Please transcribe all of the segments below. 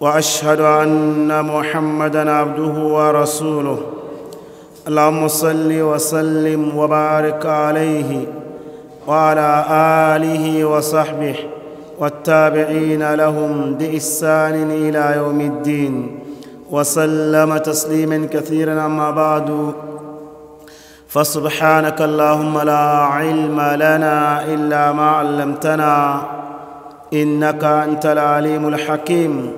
واشهد ان محمدا عبده ورسوله اللهم صل وسلم وبارك عليه وعلى اله وصحبه والتابعين لهم باحسان الى يوم الدين وسلم تسليما كثيرا اما بعد فسبحانك اللهم لا علم لنا الا ما علمتنا انك انت العليم الحكيم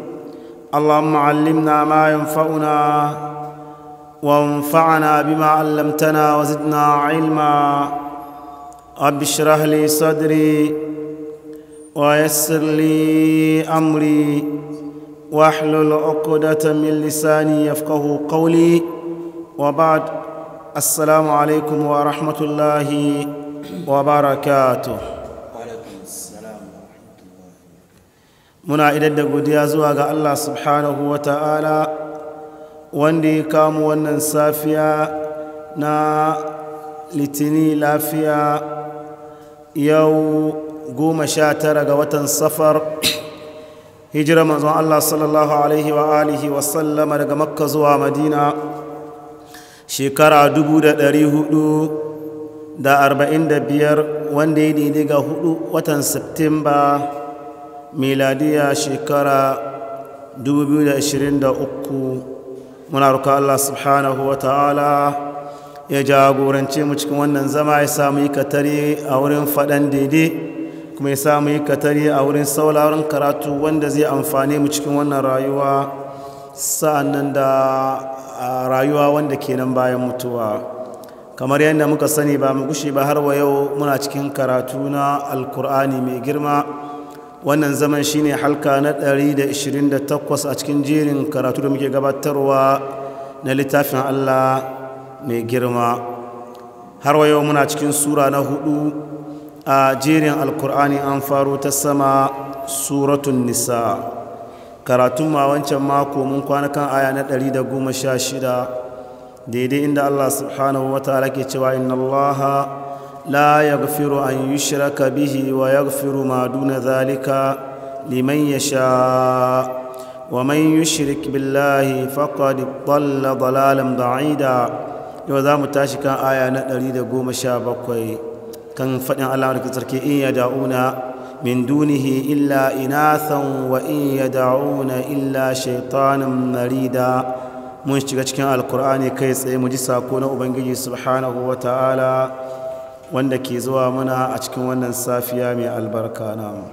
اللهم علمنا ما ينفعنا وانفعنا بما علمتنا وزدنا علما رب اشرح لي صدري ويسر لي امري واحلل عقدة من لساني يفقه قولي وبعد السلام عليكم ورحمة الله وبركاته muna idan da godiya zuwa ga allah subhanahu wa ta'ala wanda ya kamu wannan safiya na litini lafiya yau goma sha tara ga watan safar hijira manzon allah sallallahu alaihi wa alihi sallama daga makka zuwa madina shekara dubu da ɗari hudu da arba'in da biyar wanda ya daidai ga hudu watan septemba miladiya shekara 2023 muna roƙa Allah subhanahu wa ta'ala ya jagorance mu cikin wannan zama ya samu yi katare a wurin faɗan daidai kuma ya samu yi katare a wurin sauraron karatu wanda zai amfane mu cikin wannan rayuwa sa'annan da rayuwa wanda ke nan bayan mutuwa. kamar yadda muka sani ba mu gushe ba har wa yau muna cikin karatu na alkur'ani mai girma wannan zaman shine halka na 128 a cikin jerin karatu da muke gabatarwa na littafin Allah mai girma har wayo muna cikin sura na hudu a jerin alkur'ani an faro ta sama suratun nisa karatun ma wancan mako mun kwana kan aya na 116 daidai inda Allah subhanahu wa ta'ala ke cewa inna allaha لا يغفر أن يشرك به ويغفر ما دون ذلك لمن يشاء ومن يشرك بالله فقد ضل ضلالا بعيدا يوزا متاشكا آية نتريد قوم شابكوي كان فتن الله لك تركي إن يدعون من دونه إلا إناثا وإن يدعون إلا شيطانا مريدا mun shiga cikin alkur'ani kai tsaye mu ji sako na ubangiji subhanahu wa ta'ala wanda ke zuwa muna a cikin wannan safiya mai albarka na mu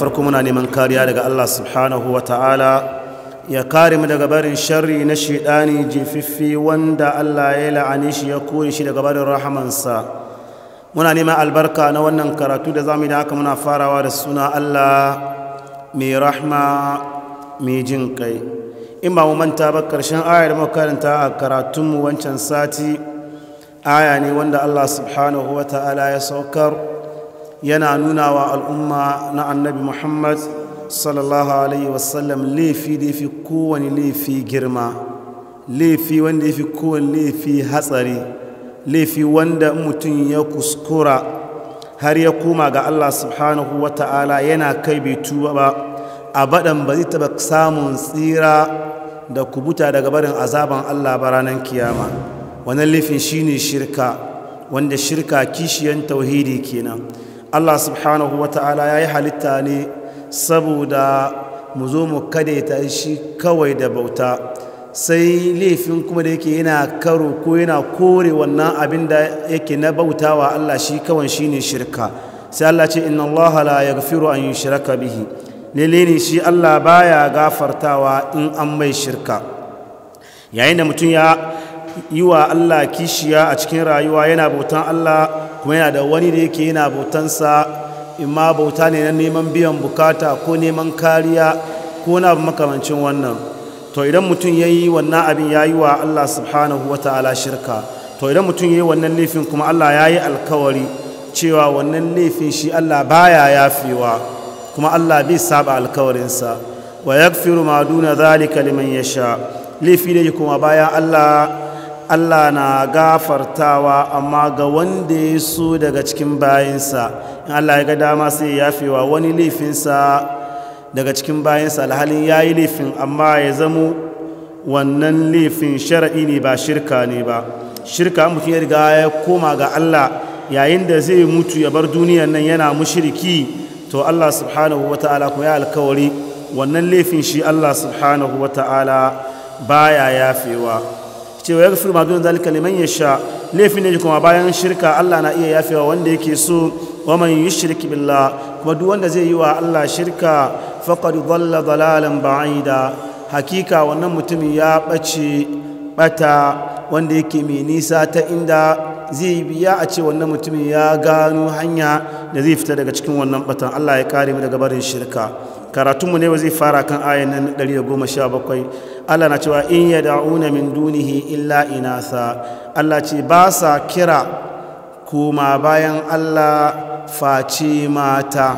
farko muna neman kariya daga Allah subhanahu wa ta'ala ya kare mu daga barin sharri na shiɗani jififfi wanda Allah ya la'ani shi ya kore shi daga barin rahamansa muna neman albarka na wannan karatu da zamu da haka muna farawa da suna Allah mai rahma mai jin kai in ba mu manta ba karshen ayar makaranta a karatunmu wancan sati aya ne wanda Allah subhanahu wa ta'ala ya saukar yana nuna wa al'umma na annabi muhammad sallallahu alaihi wasallam laifi da ya fi kowane laifi girma laifi wanda ya fi kowane laifi hatsari laifi wanda mutum ya kuskura har ya koma ga allah subhanahu wa ta'ala yana kai bai tuba ba a baɗan ba zai taɓa samun tsira da kubuta daga barin azaban allah ba ranar kiyama wannan laifin shine shirka wanda shirka kishiyan tauhidi kenan Allah subhanahu wa ta'ala ya yi halitta ne saboda mu zo mu kadaita shi kawai da bauta sai laifin kuma da yake yana karo ko yana kore wannan abin da yake na bautawa Allah shi kawai ne shirka sai Allah ce inna Allah la yaghfiru an yushraka bihi lalle ne shi Allah baya gafartawa in an mai shirka yayin da mutum ya yi wa Allah kishiya a cikin rayuwa yana bautan Allah kuma yana da wani da yake yana bautansa Ima bauta ne na neman biyan bukata ko neman kariya ko na makamancin wannan to idan mutum ya yi wannan abin ya yi wa Allah subhanahu wa ta'ala shirka to idan mutum ya yi wannan laifin kuma Allah ya yi alkawari cewa wannan laifin shi Allah baya yafewa kuma Allah bai saba alkawarinsa wa yaghfiru ma duna zalika liman yasha laifi ne kuma bayan Allah Allah na gafartawa amma ga wanda ya so daga cikin bayansa in Allah ya ga dama sai ya wa wani laifinsa daga cikin bayansa alhalin ya yi laifin amma ya zamo wannan laifin shara'i ne ba shirka ne ba shirka mutum ya riga ya koma ga Allah yayin da zai mutu ya bar duniyar nan yana mushiriki to Allah subhanahu wa ta'ala kuma ya alkawari wannan laifin shi Allah subhanahu wa ta'ala baya yafewa cewa ya gafi ma dun zalika liman sha laifin ne kuma bayan shirka Allah na iya yafewa wanda yake so wa man shirki billa kuma duk wanda zai yi wa Allah shirka faqad dhalla dhalalan ba'ida hakika wannan mutum ya bace bata wanda yake mai nisa ta inda zai biya a ce wannan mutumin ya gano hanya da zai fita daga cikin wannan batan Allah ya kare mu daga barin shirka karatunmu ne zai fara kan ayan nan 117 Allah na cewa in da'una min dunihi illa inasa Allah ce ba sa kira kuma bayan Allah face mata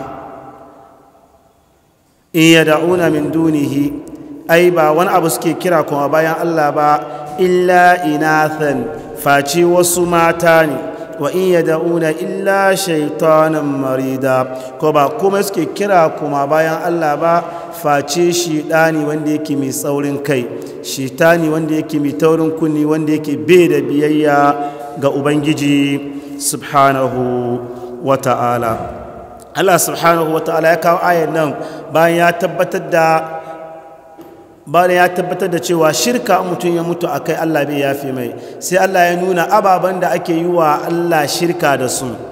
in da'una min dunihi ai ba wani abu suke kira kuma bayan Allah ba illa inathan faci wasu mata ne wa in da'una illa shaytanan marida ko ba kuma suke kira kuma bayan Allah ba face shi ɗani wanda yake mai tsaurin kai shi tani wanda yake mai taurin kunni wanda yake bai da biyayya ga ubangiji subhanahu wa ta'ala allah subhanahu wa ta'ala ya kawo ayan nan bayan ya tabbatar da ya tabbatar da cewa shirka mutum ya mutu akai allah bai yafi mai sai allah ya nuna ababen da ake yi wa allah shirka da su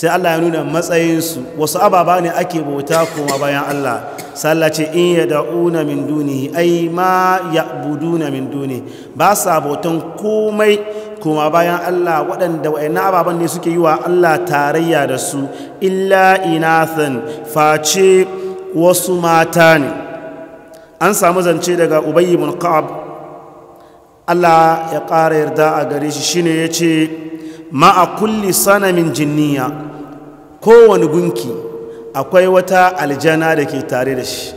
sai Allah ya nuna matsayinsu wasu ababa ne ake bauta kuma bayan Allah Sallace in ya da'una min duni ai ma ya buduna min duni ba sa bautan komai kuma bayan Allah waɗanda waɗanda ababan ne suke yi wa Allah tarayya da su illa inathan face wasu mata ne an samu zance daga ubayy ibn ka'ab Allah ya ƙara yarda a gare shi shine ce. ma'a kulli sanamin jinniya kowane gunki akwai wata aljana da ke tare da shi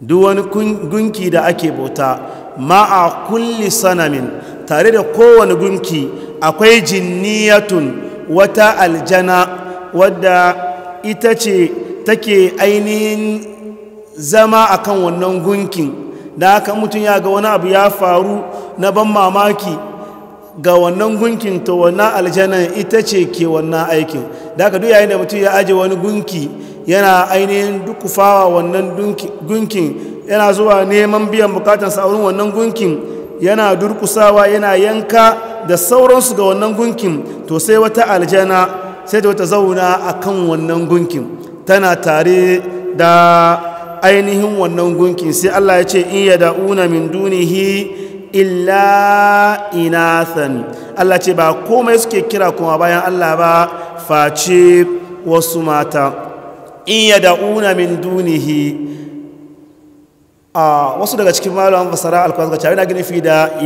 duk wani gunki da ake bauta ma'a kulli sanamin tare da kowane gunki akwai jinniyatun wata aljana wadda ita ce take ainihin zama akan wannan gunkin da haka mutum ya ga wani abu ya faru na ban mamaki ga wannan gunkin to wannan aljanan ita ce ke wannan aikin da ka duyayen da mutum ya aje wani gunki yana ainihin dukufawa wannan gunkin yana zuwa neman biyan bukatansa a wurin wannan gunkin yana durkusawa yana yanka da sauransu ga wannan gunkin to sai wata aljana sai da wata zauna a kan wannan gunkin tana tare da ainihin wannan gunkin sai allah ya ce in una min dunihi illa inathan Allah ce ba komai suke kira kuma bayan Allah ba face wasu mata in ya da'una min dunihi a wasu daga cikin malaman fasara alkwan ga cari na gini fi da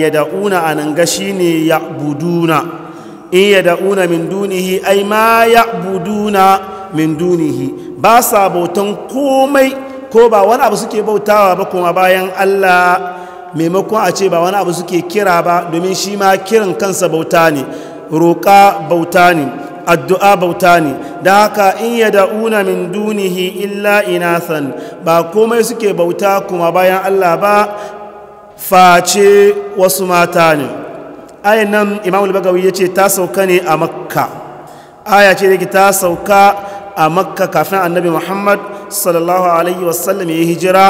nan gashi ne ya buduna. in ya da'una min dunihi ai ma ya buduna min dunihi ba sa bautan komai ko ba wani abu suke bautawa ba kuma bayan Allah maimakon a ce ba wani abu suke kira ba domin shi ma kiran kansa bauta ne roƙa bauta ne addu'a bauta ne da haka in ya da'una min dunihi illa inathan ba komai suke bauta kuma bayan Allah ba face wasu mata ne ayan nan imam al-bagawi ya ce ta sauka ne a makka aya ce daga ta sauka a makka kafin annabi muhammad sallallahu alaihi wasallam ya hijira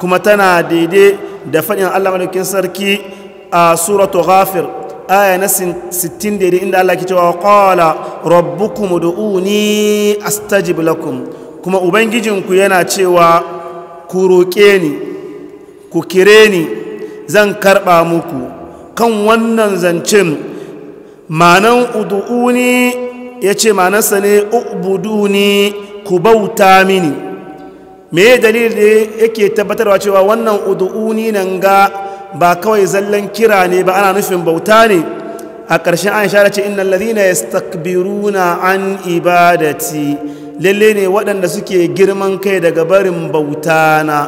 kuma tana daidai da faɗin Allah madaukin sarki a suratu ghafir aya na 60 daidai inda Allah ke cewa qala rabbukum ud'uni astajib lakum kuma ubangijinku yana cewa ku roƙe ni ku kire ni zan karɓa muku kan wannan zancen manan ud'uni yace manansa ne ubuduni ku bauta mini me dalil da yake tabbatarwa cewa wannan udu'uni nan ga ba kawai zallan kira ne ba ana nufin bauta ne a ƙarshen an shara ce inna lalina ya stakbiruna an ibadati lalle ne waɗanda suke girman kai daga barin bauta na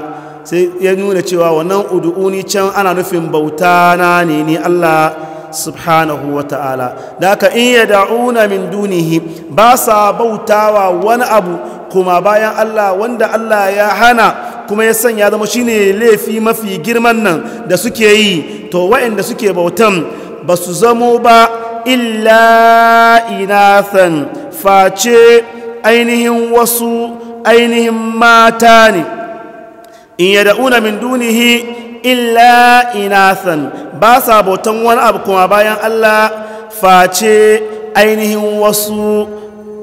sai ya nuna cewa wannan udu'uni can ana nufin bauta na ne ni allah subhanahu wa ta'ala da in ya da'una min dunihi ba sa bautawa wani abu kuma bayan Allah wanda Allah ya hana kuma ya sanya zama shine laifi mafi girman nan da suke yi to waɗanda suke bautan ba su zamo ba illa inathan face ainihin wasu ainihin mata ne in ya da'una min dunihi illa inathan ba sa bautan wani abu kuma bayan Allah face ainihin wasu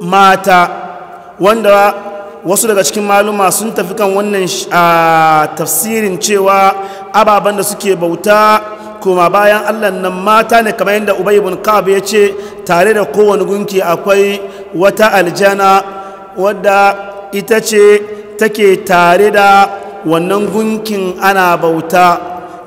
mata wanda wasu daga cikin maluma sun tafi kan wannan ah, tafsirin cewa ababen da suke bauta kuma bayan Allah nan mata ne kamar yadda Ubay ibn kab ya ce tare da kowane gunki akwai wata aljana wadda ita ce take tare da wannan gunkin ana bauta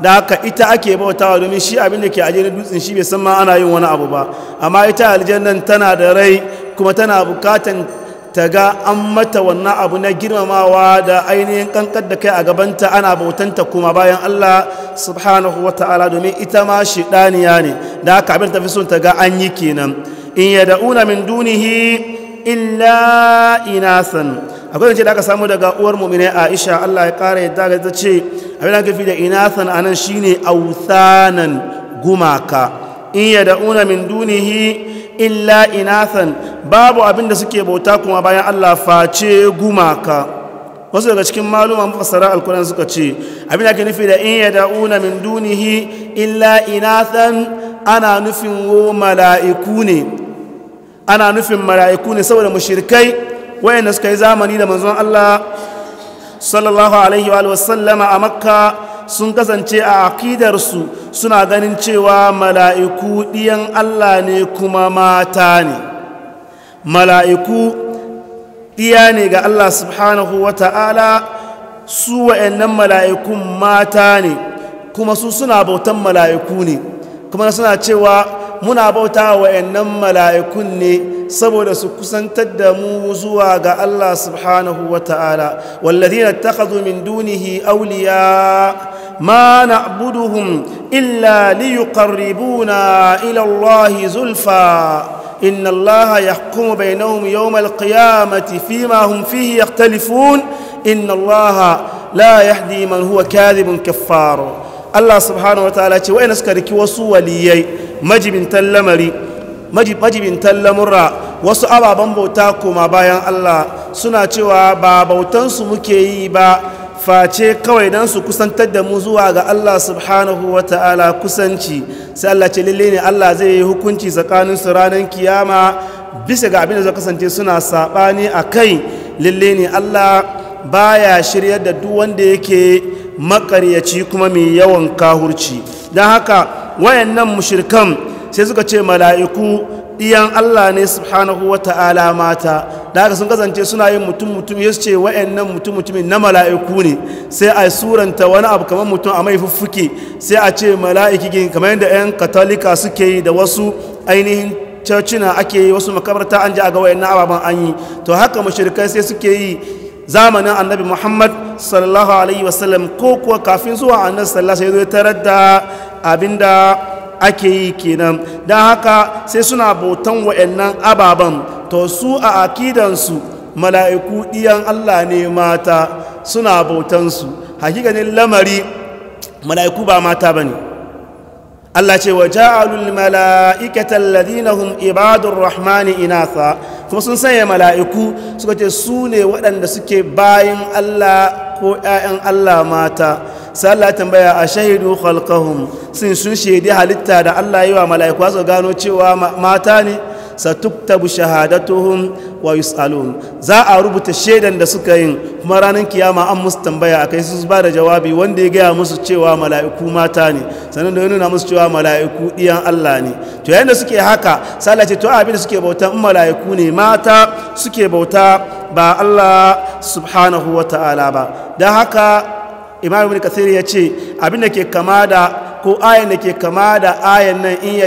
da haka ita ake bautawa domin shi abin da ke ajiyar dutsen shi bai san ma ana yin wani abu ba amma ita aljannan tana da rai kuma tana bukatan ta ga an mata wannan abu na girmamawa da ainihin kankar da kai a gabanta ana bautanta kuma bayan Allah subhanahu wa ta'ala domin ita ma shi ɗaniya ne da haka abin tafi son ta ga an yi kenan in yada'una min dunihi illa inasan akwai zance da aka samu daga uwar mummina aisha allah ya kara ya daga ta ce abin da aka fi da inasan a nan shine authanan gumaka in ya da'una min dunihi illa inasan babu abin da suke bauta kuma bayan allah face gumaka wasu daga cikin maluma mafasara alkuran suka ce abin da ake nufi da in ya da'una min dunihi illa inasan ana nufin wo mala'iku ne ana nufin mala'iku ne saboda mushrikai wayanda suka yi zamani da manzon Allah sallallahu alaihi wa sallama a makka sun kasance a su suna ganin cewa mala'iku ɗiyan Allah ne kuma mata ne mala'iku ɗiya ne ga Allah subhanahu wa ta'ala su wa'annan mala'ikun mata ne kuma su suna bautan mala'iku ne kuma suna cewa muna bauta wa yannan mala'ikun ne saboda su kusantar da mu zuwa ga Allah subhanahu wa ta'ala wallazina takhadhu min dunihi awliya ma na'buduhum illa liyuqarribuna ila Allahi zulfa inna Allah yahkumu bainahum yawm al-qiyamati fima hum fihi yakhtalifun inna Allah la yahdi man huwa kadhibun kaffar Allah subhanahu wataala ce wayanda suka riki wasu waliyai majibintan lamari majibintan lamurra wasu ababen bauta kuma bayan Allah suna cewa ba bautansu muke yi ba face kawai don su kusantar da mu zuwa ga Allah subhanahu wa ta'ala kusanci sai Allah ce lalle ne Allah zai yi hukunci tsakanin su ranar kiyama bisa ga abin da zai kasance suna saɓani a kai lalle ne Allah baya shiryar da duk wanda yake makaryaci kuma mai yawan kahurci don haka wayannan mushirkan sai suka ce mala'iku ɗiyan Allah ne subhanahu wa ta'ala mata da haka sun kasance suna yin mutum mutum ya ce wayannan mutum mutum na mala'iku ne sai a suranta wani abu kamar mutum a mai fuffuke sai a ce mala'iki kamar yadda 'yan katolika suke yi da wasu ainihin cocina ake yi wasu makabarta an ji a ga wayannan ababen an yi to haka mashirkai sai suke yi zamanin annabi muhammad sallallahu alaihi wasallam ko kuwa kafin zuwa annabi sallallahu alaihi wasallam tarar da abinda ake yi kenan don haka sai suna bautan wa'annan ababen to su a akidansu mala'iku ɗiyan allah ne mata suna Hakika hakikanin lamari mala'iku ba mata ba ne allah ce wa ja'alul mala'ikatan ladinahum ibadur rahmani inatha kuma sun sanya mala'iku suka ce su ne waɗanda suke bayan Allah ko ‘ya'yan Allah mata sai Allah tambaya a shahidu khalqahum sun sun shaidi halitta da Allah yi wa mala'iku su gano cewa mata ne satuktabu shahadatuhum wa yus'alun za a rubuta shaidan da suka yin kuma ranar kiyama an musu tambaya akai su ba da jawabi wanda ya gaya musu cewa mala'iku mata ne sannan da ya nuna musu cewa mala'iku diyan Allah ne to yayin da suke haka sallah ce to abin da suke bauta in mala'iku ne mata suke bauta ba Allah subhanahu wa ta'ala ba don haka imamu ibn kathir ya ce abin da ke kama da ko ayan da ke kama da ayan nan in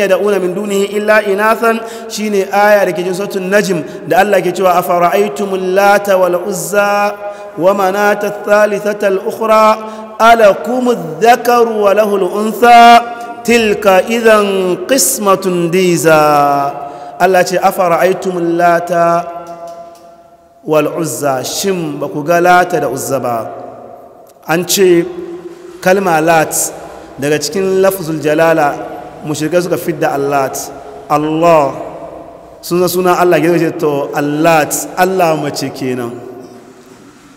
ya da'una min dunihi illa inathan shine aya da ke jin sautin najim da Allah ke cewa afara'aytumul lata wal uzza wa manata thalithata al ukhra alakum adh-dhakaru wa lahu al untha tilka idan qismatun diza Allah ce afara'aytumul lata wal uzza shin ba ku ga lata da uzza ba an ce kalma lat daga cikin lafzul jalala mushirka suka fidda allat allah suna suna allah gina ce to allat allah mace kenan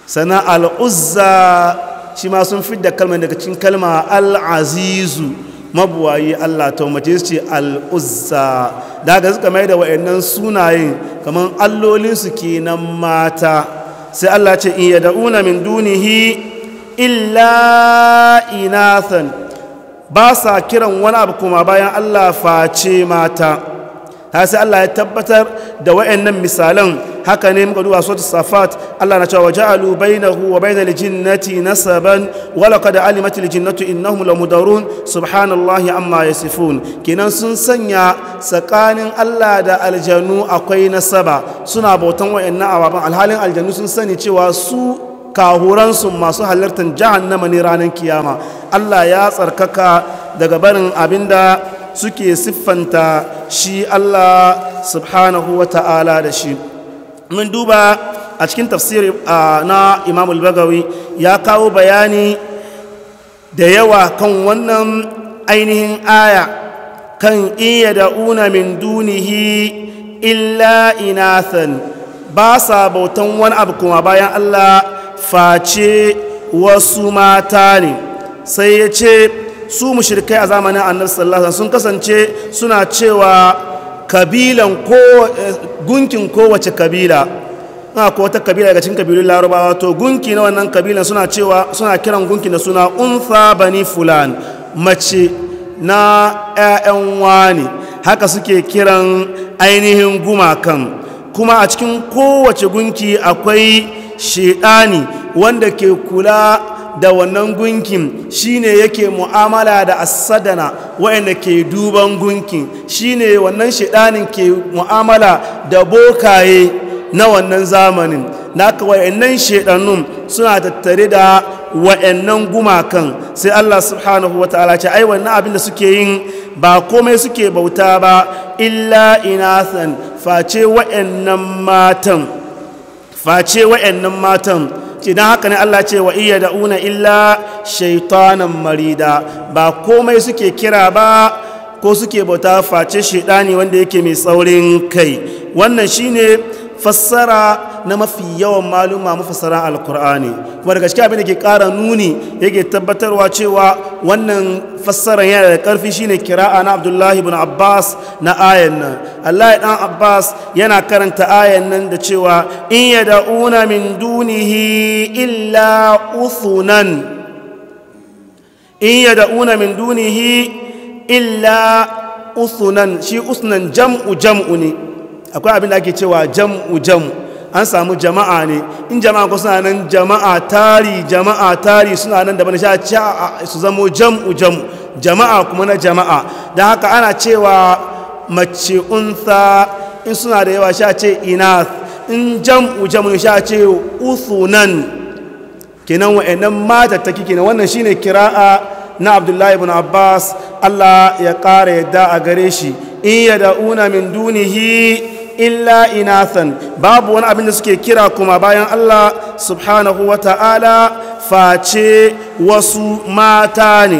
sana al'uzza shi ma sun fidda kalmar daga cikin kalma al'azizu mabuwayi allah to mace su ce al'uzza daga suka mai da wa'annan sunayen kamar allolinsu kenan mata sai allah ce in una min dunihi illa inathan ba sa kiran wani abu kuma bayan Allah face mata sai Allah ya tabbatar da wayannan misalan haka ne muka duba suratul safat Allah na cewa ja'alu bainahu wa bainal jinnati nasaban wa laqad alimat al jinnatu innahum lamudarrun subhanallahi amma yasifun Kinan sun sanya tsakanin Allah da aljanu akwai nasaba suna bautan wayannan ababan alhalin aljanu sun sani cewa su kahuransu masu halartar jahannama ne ranar kiyama Allah ya tsarkaka daga barin abinda suke siffanta shi Allah subhanahu wa ta'ala da shi mun duba a cikin tafsiri na imam bagawi ya kawo bayani da yawa kan wannan ainihin aya kan iya una min dunihi illa inathan ba sa bautan wani abu kuma bayan Allah face wasu mata ne sai ya ce su mushirkai a zamanin annar salasa sun kasance suna cewa kabilan ko gunkin kowace kabila na ko wata kabila daga cikin kabilun larabawa to gunki na wannan kabila suna cewa suna kiran gunki da suna unsa bani fulan mace na 'ya'yan wani haka suke kiran ainihin gumakan kuma a cikin kowace gunki akwai shedani wanda ke kula da wannan gunkin shine yake mu'amala da asadana wa'anda ke duban gunkin shine wannan shedanin ke mu'amala da bokaye na wannan zamanin naka wa'annan shedannun suna tattare da wa'annan gumakan sai Allah subhanahu ta'ala ce ai wannan abin da suke yin ba komai suke bauta ba illa inathan face wa'annan matan face wa'annan matan idan haka ne Allah ce wa iya da'una illa shaitanan marida ba komai suke kira ba ko suke bauta face shaidani wanda yake mai tsaurin kai wannan shine fassara na mafi yawan maluma mafassara alkur'ani kuma daga cikin abin da ke ƙara nuni yake tabbatarwa cewa wannan fassara yana da ƙarfi shine kira na abdullahi ibn abbas na ayan nan allah dan abbas yana karanta ayan nan da cewa in ya da'una min dunihi illa uthunan in ya da'una min dunihi illa uthunan shi usunan jam'u jam'u ne akwai abin da ake cewa jam'u jam'u an samu jama'a ne in jama'a ko suna nan jama'a tari jama'a tari suna nan da bane sha su zamo jam'u jam'u jama'a kuma na jama'a don haka ana cewa mace unsa in suna da yawa sha ce inath in jam'u jam'u sha ce uthunan kenan wa'annan matattaki kenan wannan shine kira'a na abdullahi ibn abbas allah ya ƙara yadda a gare shi in yada'una min dunihi illa inathan babu wani abin da suke kira kuma bayan Allah subhanahu wa ta'ala face wasu mata ne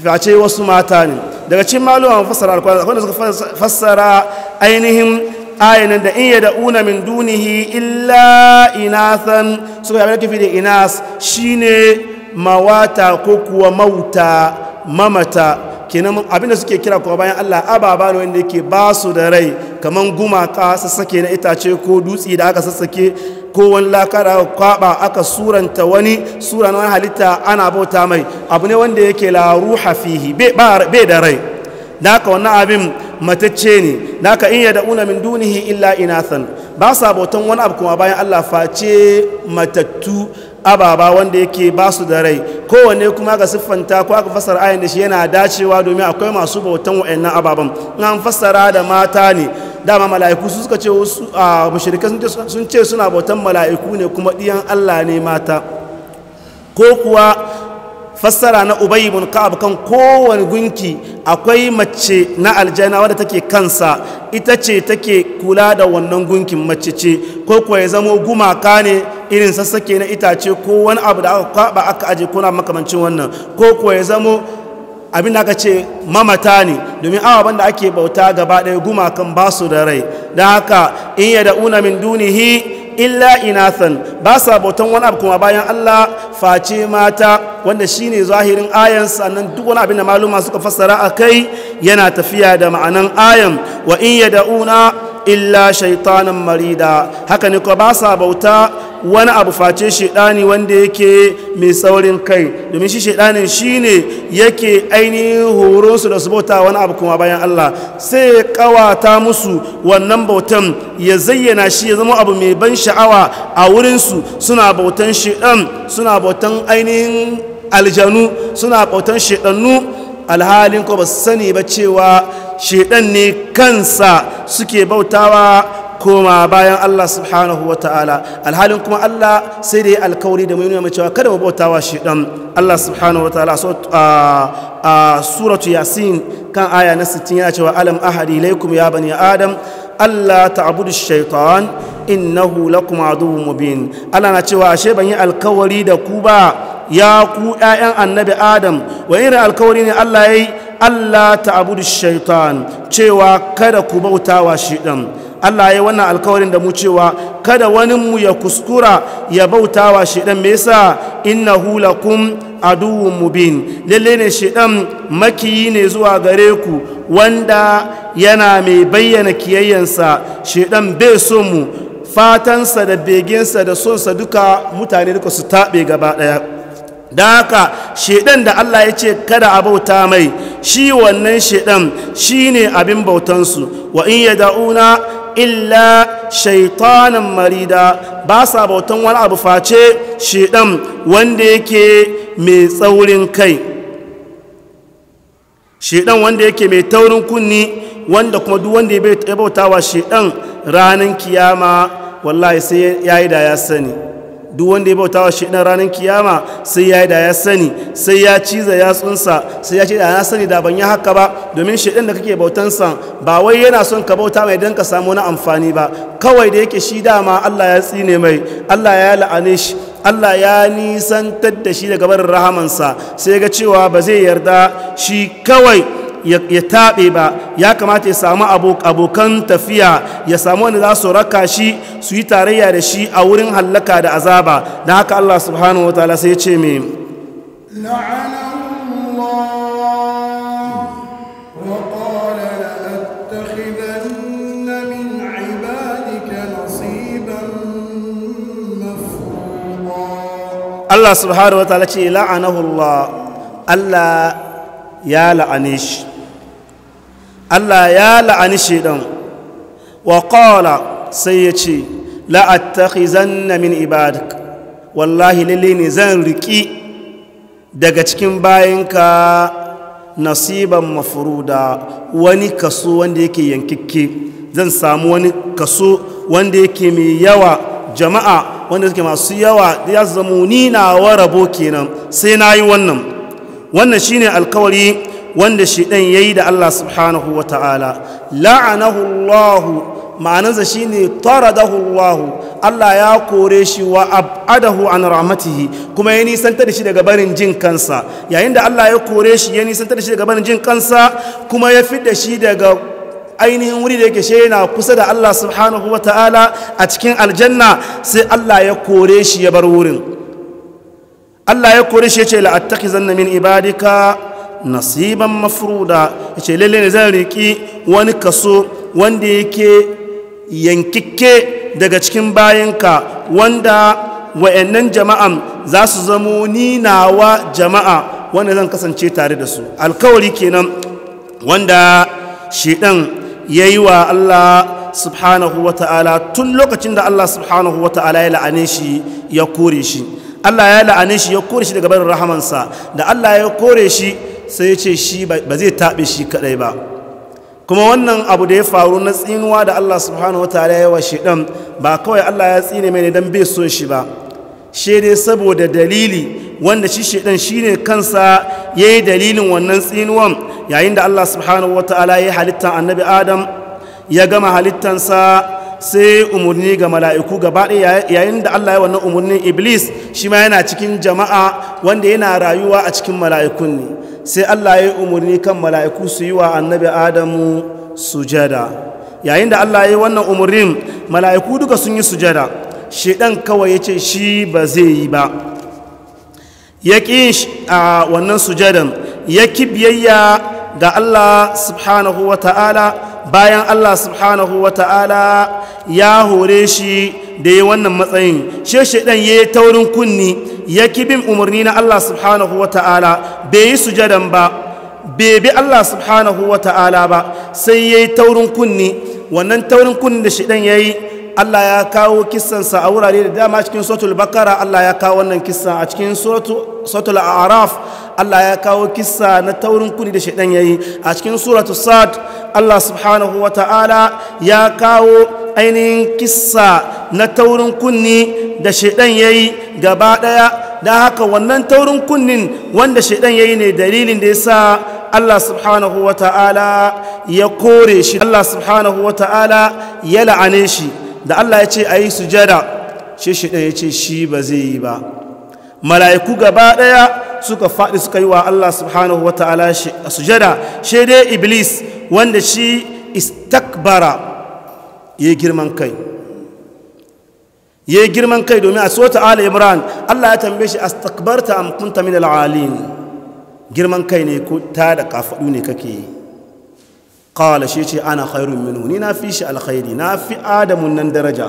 face wasu mata ne daga cikin maluwan fassara alkwada akwai da suka fassara ainihin ayinan da in una min dunihi illa inathan suka yabe kifi da inas shine mawata ko kuwa mauta mamata kenan abin da suke kira kuma bayan Allah ababa ne wanda yake ba su da rai kaman gumaka sassake na itace ko dutse da aka sassake ko wani lakara kwaba aka suranta wani sura na wani halitta ana bauta mai abu ne wanda yake la ruha fihi bai da rai da wannan abin matacce ne da haka in una min dunihi illa inathan ba sa bautan wani abu kuma bayan Allah face matattu ababa wanda yake ba su da rai kowanne kuma ga siffanta ko aka fassara ayin da shi yana dacewa domin akwai masu bautan wa'annan ababan an fasara da mata ne dama mala'iku su suka ce wasu a sun ce suna bautan mala'iku ne kuma ɗiyan allah ne mata ko kuwa fassara na ubayi bin ka'ab kan kowane gunki akwai mace na aljana wadda take kansa ita ce take kula da wannan gunkin mace ce ko kuwa ya zamo gumaka ne irin sassake na itace ko wani abu da aka kwaba aka aje kuna makamancin wannan ko kuwa ya zamo abin da aka ce mamata ne domin awaban da ake bauta gaba ɗaya gumakan ba su da rai da haka in ya da'una min dunihi illa inathan ba sa bautan wani abu kuma bayan Allah face mata wanda shine zahirin ayan sannan duk wani abin da maluma suka fassara a kai yana tafiya da ma'anan ayan wa in ya da'una illa shaitanan marida haka ne ko ba sa bauta wani abu face shaidani wanda yake mai saurin kai domin shi shi shine yake ainihin horo su da su bauta wani abu kuma bayan Allah sai ya kawata musu wannan bautan ya zayyana shi ya zama abu mai ban sha'awa a wurinsu suna bautan shaidan suna bautan ainihin aljanu suna bautan shaidannu alhalin ko ba su sani ba cewa shaidan ne kansa suke bautawa koma bayan Allah subhanahu wa ta'ala alhalin kuma Allah sai da ya alkawari da mai nuna mai cewa kada mu bauta wa shi dan Allah subhanahu wa ta'ala a suratu yasin kan aya na 60 yana cewa alam ahadi ya bani adam Allah ta'budu shaitan innahu lakum aduwwun mubin Allah na cewa ashe ban yi alkawari da ku ba ya ku ƴaƴan annabi adam wa irin alkawari ne Allah yayi Allah ta'budu shaitan cewa kada ku bauta wa shi dan Allah ya wannan alkawarin da mu cewa kada wani mu ya kuskura ya bautawa shedan me yasa inna hulakum aduwwun mubin lalle ne shedan makiyi ne zuwa gare ku wanda yana mai bayyana kiyayyansa shedan bai so mu fatansa da sa da sonsa duka mutane duka su taɓe gaba ɗaya da haka shedan da Allah ya ce kada a bauta mai shi wannan shedan shine abin bautansu wa in yad'una illa shaitanan marida ba sa wani abu face shaidan wanda yake mai tsaurin kai shaidan wanda yake mai taurin kunni wanda kuma duk wanda ya bautawa shaidan ranar kiyama wallahi sai ya yi da ya sani duk wanda ya bauta wa shaidan ranar kiyama sai ya yi da ya sani sai ya ciza yatsunsa sai ya ce da na sani da ban yi haka ba domin shaidan da kake bautansa ba wai yana son ka bauta mai don ka samu na amfani ba kawai da yake shi dama Allah ya tsine mai Allah ya la'ane shi Allah ya nisantar da shi daga barin rahamansa sai ga cewa ba zai yarda shi kawai ya taɓe ba ya kamata ya samu abokan tafiya ya samu wanda za su raka shi su yi tarayya da shi a wurin hallaka da azaba da haka Allah subhanahu wa ta'ala sai ya ce mai Allah subhanahu wa ta'ala ce la'anahu Allah Allah ya la'ane shi Allah ya la'ani shaidan wa qala sai ya ce la'attakhizanna min ibadik wallahi lalle ne zan riki daga cikin bayanka nasiban mafruda wani kaso wanda yake yankikke zan samu wani kaso wanda yake mai yawa jama'a wanda suke masu yawa ya zamu ni na wa rabo kenan sai na yi wannan wannan shine alkawari wanda shi ya yayi da Allah subhanahu wa ta'ala la'anahu Allah ma'anansa shine taradahu Allah Allah ya kore shi wa abadahu an rahmatihi kuma ya nisanta da shi daga barin jin kansa yayin da Allah ya kore shi ya nisanta da shi daga barin jin kansa kuma ya da shi daga ainihin wuri da yake shi yana kusa da Allah subhanahu wa ta'ala a cikin aljanna sai Allah ya kore shi ya bar wurin Allah ya kore shi ya ce la'attaki zanna min ibadika nasiban mafruda ce lalle ne zan riki wani kaso wanda yake yankikke daga cikin bayanka wanda wa'annan jama'an za su zamo ninawa jama'a wanda zan kasance tare da su alkawari kenan wanda ya yi wa Allah subhanahu wa ta'ala tun lokacin da Allah subhanahu wa ta'ala ya la'ane shi ya kore shi Allah ya la'ane shi ya kore shi daga barin rahamansa da Allah ya kore shi sai ya ce shi ba zai taɓe shi kaɗai ba kuma wannan abu da ya faru na tsinuwa da Allah subhanahu wa ta'ala ya washe ɗan ba kawai Allah ya tsine mai ne don bai son shi ba shi dai saboda dalili wanda shi shaidan shi kansa ya yi dalilin wannan tsinuwan yayin da Allah subhanahu wa ta'ala ya halittan annabi adam ya gama halittansa sai umarni ga mala'iku gaba ɗaya yayin da Allah ya wannan umarnin iblis shi ma yana cikin jama'a wanda yana rayuwa a cikin mala'ikun ne sai Allah ya yi umarni kan mala'iku su yi wa annabi Adamu sujada yayin da Allah ya yi wannan umarnin mala'iku duka sun yi sujada shedan kawai ya ce shi ba zai yi ba ya ƙi a wannan sujadan ya biyayya ga Allah subhanahu wa ta'ala bayan Allah subhanahu wa ta'ala ya hore shi da yi wannan matsayin shi shaidan ya yi taurin kunni ya ki bin umarni na Allah subhanahu wa ta'ala bai yi sujadan ba bai bi Allah subhanahu wa ta'ala ba sai ya yi taurin kunni wannan taurin kunni da shaɗan ya yi Allah ya kawo kissansa a wurare da dama cikin suratul bakara Allah ya kawo wannan kissa a cikin suratul araf Allah ya kawo kissa na taurin kuni da shaidan yayi a cikin suratul sad Allah subhanahu wata'ala ya kawo ainihin kissa na taurin kunni da shaidan yayi gaba daya da haka wannan taurin kunnin wanda shaidan yayi ne dalilin da yasa Allah subhanahu wata'ala ya kore shi Allah subhanahu wata'ala ya la'ane shi da Allah ya ce a yi sujada shi shi ɗaya ce shi ba zai yi ba mala'iku gaba ɗaya suka faɗi suka yi wa Allah subhanahu wa ta'ala a sujada shi dai iblis wanda shi istakbara ya girman kai ya girman kai domin a sota ala imran Allah ya tambaye shi astakbarta am kunta min al'alin girman kai ne ko ta da kafaɗu ne kake yi qala shi ce ana khairun minhu ni na fi shi alkhairi na fi adamun nan daraja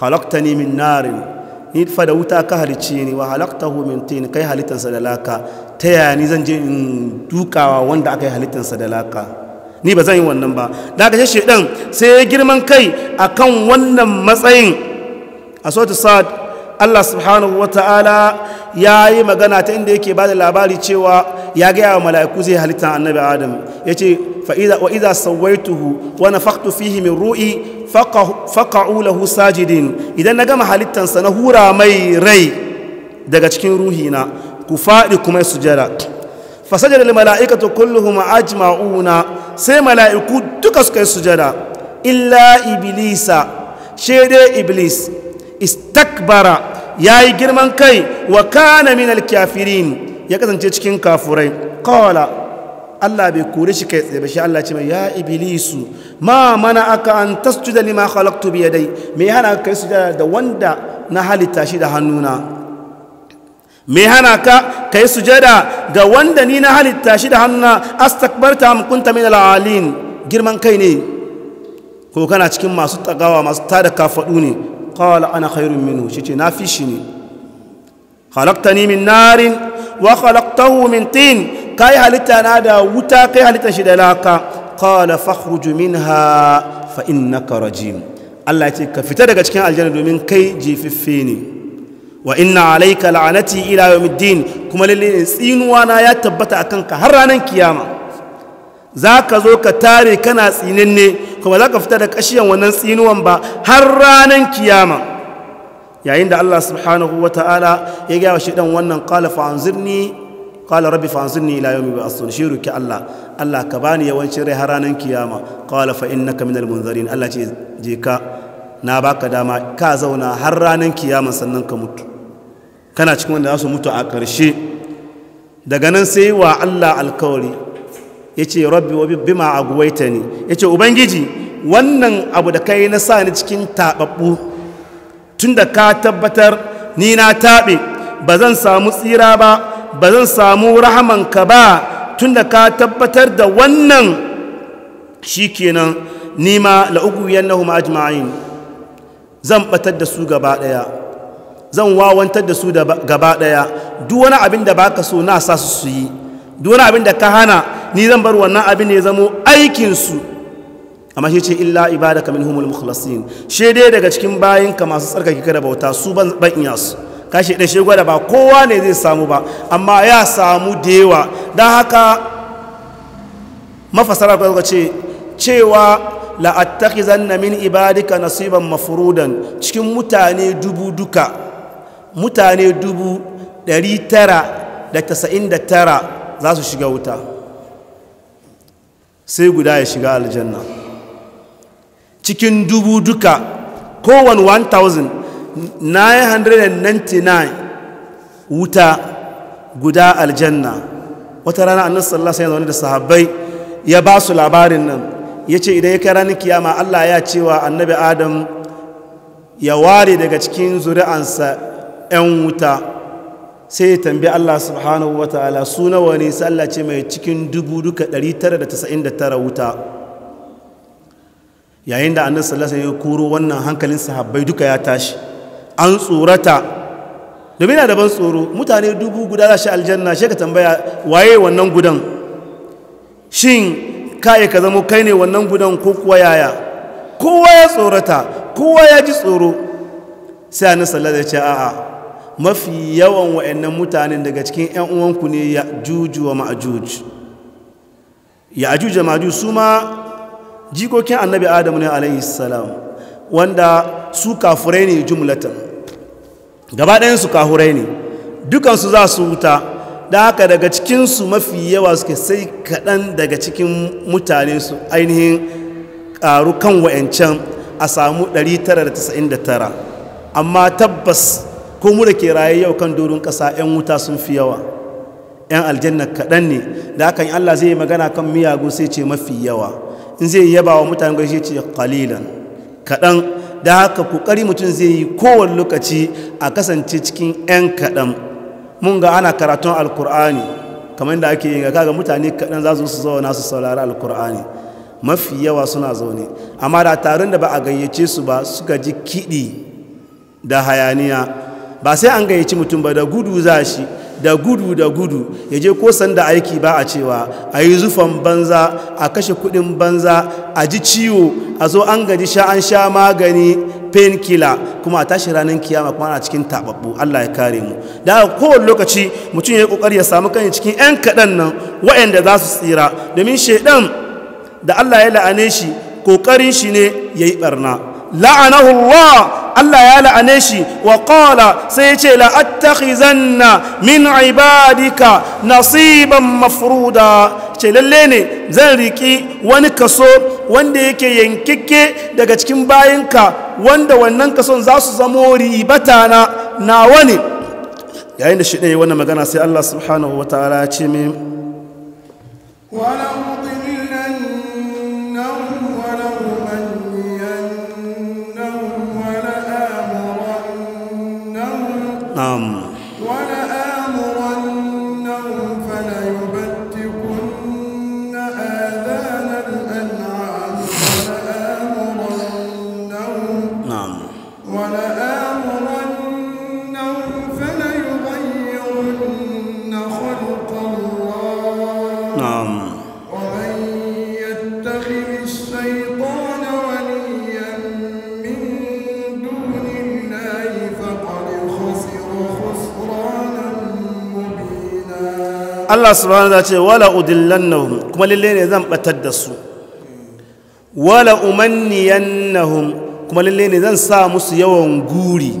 halaktani min narin ni fa da wuta ka halice ni wa halaktahu min tin kai halittansa da laka ta yaya ni zan je in dukawa wanda aka yi halittansa da laka ni ba zan yi wannan ba daga shi dan sai ya girman kai akan wannan matsayin a sautu sa'ad Allah subhanahu wa ta'ala ya yi magana ta inda yake ba da labari cewa ya gaya wa mala'iku zai halitta annabi adam ya ce wa iza sawaituhu wa nafaktu fihi min ru'i faqa'u lahu sajidin idan na gama halittansa na hura mai rai daga cikin ruhina ku faɗi kuma sujada fasajar mala'ikatu kulluhum ajma'una sai mala'iku duka suka yi sujada illa iblisa shede iblis istakbara yayi girman kai wa kana min ya kasance cikin kafurai Kawala. Allah bai kore shi kai tsaye ba shi Allah ce mai ya Ibilisu. ma mana aka an tasjuda lima khalaqtu bi dai. me hana ka sujada da wanda na halitta shi da hannuna me hana ka kai sujada ga wanda ni na halitta shi da hannuna astakbarta am kunta min alalin girman kai ne ko kana cikin masu tagawa masu tada kafadu ne Kawala ana khairun minhu shi ce na fi shi ne khalaqtani min narin wa khalaqtahu min tin kai halitta na da wuta kai halitta shi da laka qala fakhruj minha fa innaka rajim Allah ce ka fita daga cikin aljanna domin kai jififfe ne wa inna alayka la'anati ila yawmiddin kuma lalle tsinuwa na ya tabbata akan ka har ranar kiyama zaka zo ka tare kana tsinanne kuma zaka fita da kashiyan wannan tsinuwan ba har ranar kiyama yayin da Allah subhanahu wa ta'ala ya gaya wa shaidan wannan qala fa anzirni qala rabbi fa anzirni ila yawmi ba'athun shi ruki Allah Allah ka bani yawancin rai har ranar kiyama qala fa innaka minal munzirin Allah ce je ka na baka dama ka zauna har ranar kiyama sannan ka mutu kana cikin wanda za su mutu a ƙarshe daga nan sai wa Allah alkawari yace rabbi wa bima agwaitani yace ubangiji wannan abu da kai na sa ni cikin tababbu tunda ka tabbatar ni na taɓe ba zan samu tsira ba ba zan samu rahamanka ba tunda ka tabbatar da wannan shi kenan nima la'uguyen na huma ajma'in zan batar da su gaba ɗaya zan wawantar da su gaba ɗaya duk wani abin da baka so na sa su su yi duk wani abin da ka hana ni zan bar wannan abin ne zamo aikin su amma shi ce illa kamin humul mukhlasin she dai daga cikin bayinka masu tsarkake da bauta su ban iya su kashi da shi gwada ba kowa ne zai samu ba amma ya samu da yawa don haka mafasara zuwa ce cewa la'attaki zannamin min ibadika nasiban mafurudan cikin mutane dubu duka mutane dubu ɗari tara da tasa'in da tara za su shiga wuta sai guda ya shiga aljanna cikin dubu duka kowane 1,999 wuta guda aljanna wata rana annan sallasa yana wani da sahabbai ya ba su labarin nan ya ce idan ya kai ranar kiyama allah ya cewa annabi adam ya ware daga cikin zuri'ansa 'yan wuta sai ya tambi allah subhanahu wa ta'ala suna wani sallace mai cikin dubu duka 999 wuta yayin da annabi sallallahu alaihi wasallam ya koro wannan hankalin sahabbai duka ya tashi an tsorata domin yana da ban tsoro mutane dubu guda za shi aljanna shi ka tambaya waye wannan gudan shin kai ka zama kai ne wannan gudan ko kuwa yaya kowa ya tsorata kowa ya ji tsoro sai annabi sallallahu alaihi wasallam ya ce a'a mafi yawan wa'annan mutanen daga cikin ƴan uwanku ne ya juju wa ma'juj ya ajuja su ma jikokin annabi adamu ne alaihi salam wanda su kafurai ne jumlatan gaba su kafurai ne dukansu za su wuta da haka daga cikinsu mafi yawa suke sai kaɗan daga cikin mutane su ainihin ƙaru kan wa'ancan a samu 999 amma tabbas ko mu da ke raye yau kan dorin ƙasa 'yan wuta sun fi yawa 'yan aljanna kaɗan ne da haka yi allah zai yi magana kan miyago sai ce mafi yawa in zai yaba wa mutane gari shi ce kalilan kaɗan da haka kokari mutum zai yi kowane lokaci a kasance cikin 'yan kaɗan mun ga ana karatun alkur'ani kamar yadda ake yi ga kaga mutane kaɗan za su su zauna su saurari alkur'ani mafi yawa suna zaune amma da tarin da ba a gayyace su ba suka ji kiɗi da hayaniya ba sai an gayyaci mutum ba da gudu za shi da gudu da gudu ya je ko sanda aiki ba a cewa a yi zufan banza a kashe kudin banza a ji ciwo a zo an gaji sha an sha magani painkiller kuma a tashi ranar kiyama kuma ana cikin tababbu Allah ya kare mu da kowane lokaci mutum ya yi kokari ya samu kan cikin 'yan kaɗan nan waɗanda za su tsira domin shaidan da Allah ya la'ane shi kokarin shi ne ya yi ɓarna la'anahu Allah Allah ya la'ane shi wa qala sai yace la attakhizanna min ibadika nasiban mafruda ce lalle ne zan riki wani kaso wanda yake yankikke daga cikin bayinka wanda wannan kason za su zamo ribata na nawa ne yayin da shi ɗaya wannan magana sai Allah subhanahu wa ya ce min நாம் Allah subhanahu wa ce wala udillannahum kuma lalle ne zan batar da su wala umanniyannahum kuma lalle ne zan sa musu yawan guri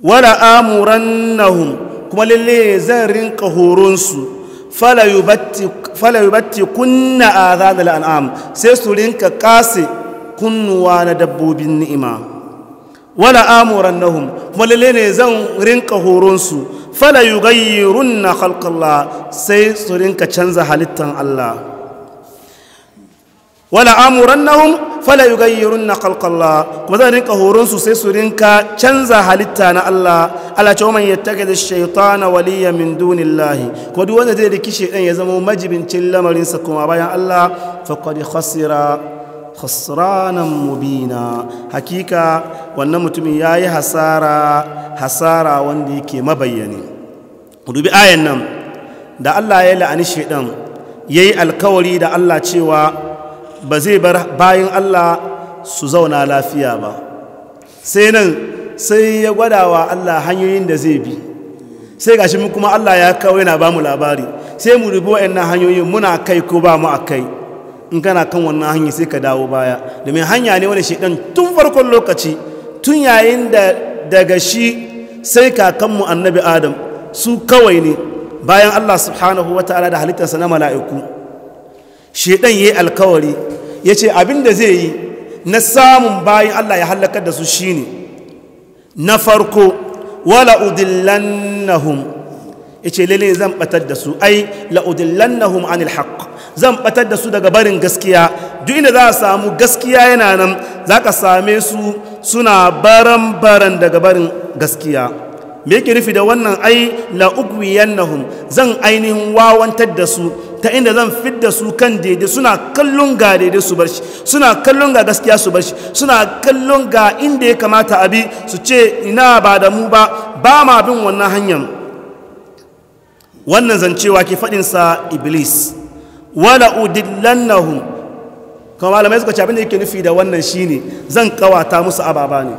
wala amurannahum kuma lalle ne zan rinka horon su fala yubatti kunna azan al'am sai su rinka kase kunnuwa na dabbobin ni'ima wala amurannahum kuma lalle ne zan rinka horon su. fala yughayyirunna khalqallah sai su rinka canza halittan Allah wala amurannahum fala yughayyirunna khalqallah kuma zan rinka horon su sai su rinka canza halitta na Allah Allah ce man yattaka da shaytana waliya min dunillahi ko duk wanda zai riki shedan ya zama majibincin lamarin sa kuma bayan Allah faqad khasira khusranan mubina hakika wannan mutumin ya yi hasara hasara wanda yake mabayyane dubi ayan nan da Allah ya la'ani shedan yayi alkawari da Allah cewa ba zai bar bayan Allah su zauna lafiya ba sai nan sai ya gwada wa Allah hanyoyin da zai bi sai gashi kuma Allah ya kawo yana ba mu labari sai mu rubi wa'annan hanyoyin muna kai ko ba mu a kai in kana kan wannan hanyar sai ka dawo baya domin hanya ne shi shaidan tun farkon lokaci tun yayin da daga shi sai kakanmu annabi adam su kawai ne bayan allah subhanahu wa ta'ala da halittarsa na mala'iku shaidan ya yi alkawari ya ce abin da zai yi na samun bayan allah ya halakar da su shine na farko wala udillannahum yace lalle zan batar da su ai la'udillannahum anil haqq zan batar da su daga barin gaskiya duk inda za a samu gaskiya yana nan za ka same su suna baran-baran daga barin gaskiya me yake rufi da wannan ai la'ugwiyannahum zan ainihin wawantar da su ta inda zan fidda su kan daidai suna kallon ga daidai su bar shi suna kallon ga gaskiya su bar shi suna kallon ga inda ya kamata abi su ce ina ba da mu ba ba ma bin wannan hanyar wannan zancewa ke faɗinsa iblis wala udillannahum kuma malamai suka ce abin da yake nufi da wannan shine zan kawata musu ababa ne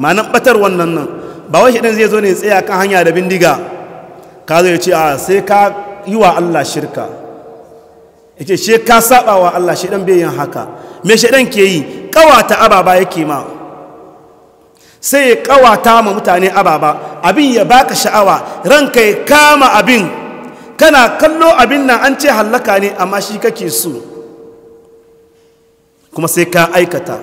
ma'anar batar wannan nan ba wai shaɗan zai zo ne tsaya kan hanya da bindiga ka zo ya ce a sai ka yi wa allah shirka ya ce shi ka saba wa allah shaɗan bai yin haka me shaɗan ke yi kawata ababa yake ma sai ya kawata ma mutane ababa abin ya baka sha'awa ranka ya kama abin kana kallo abin nan an ce hallaka ne amma shi kake so kuma sai ka aikata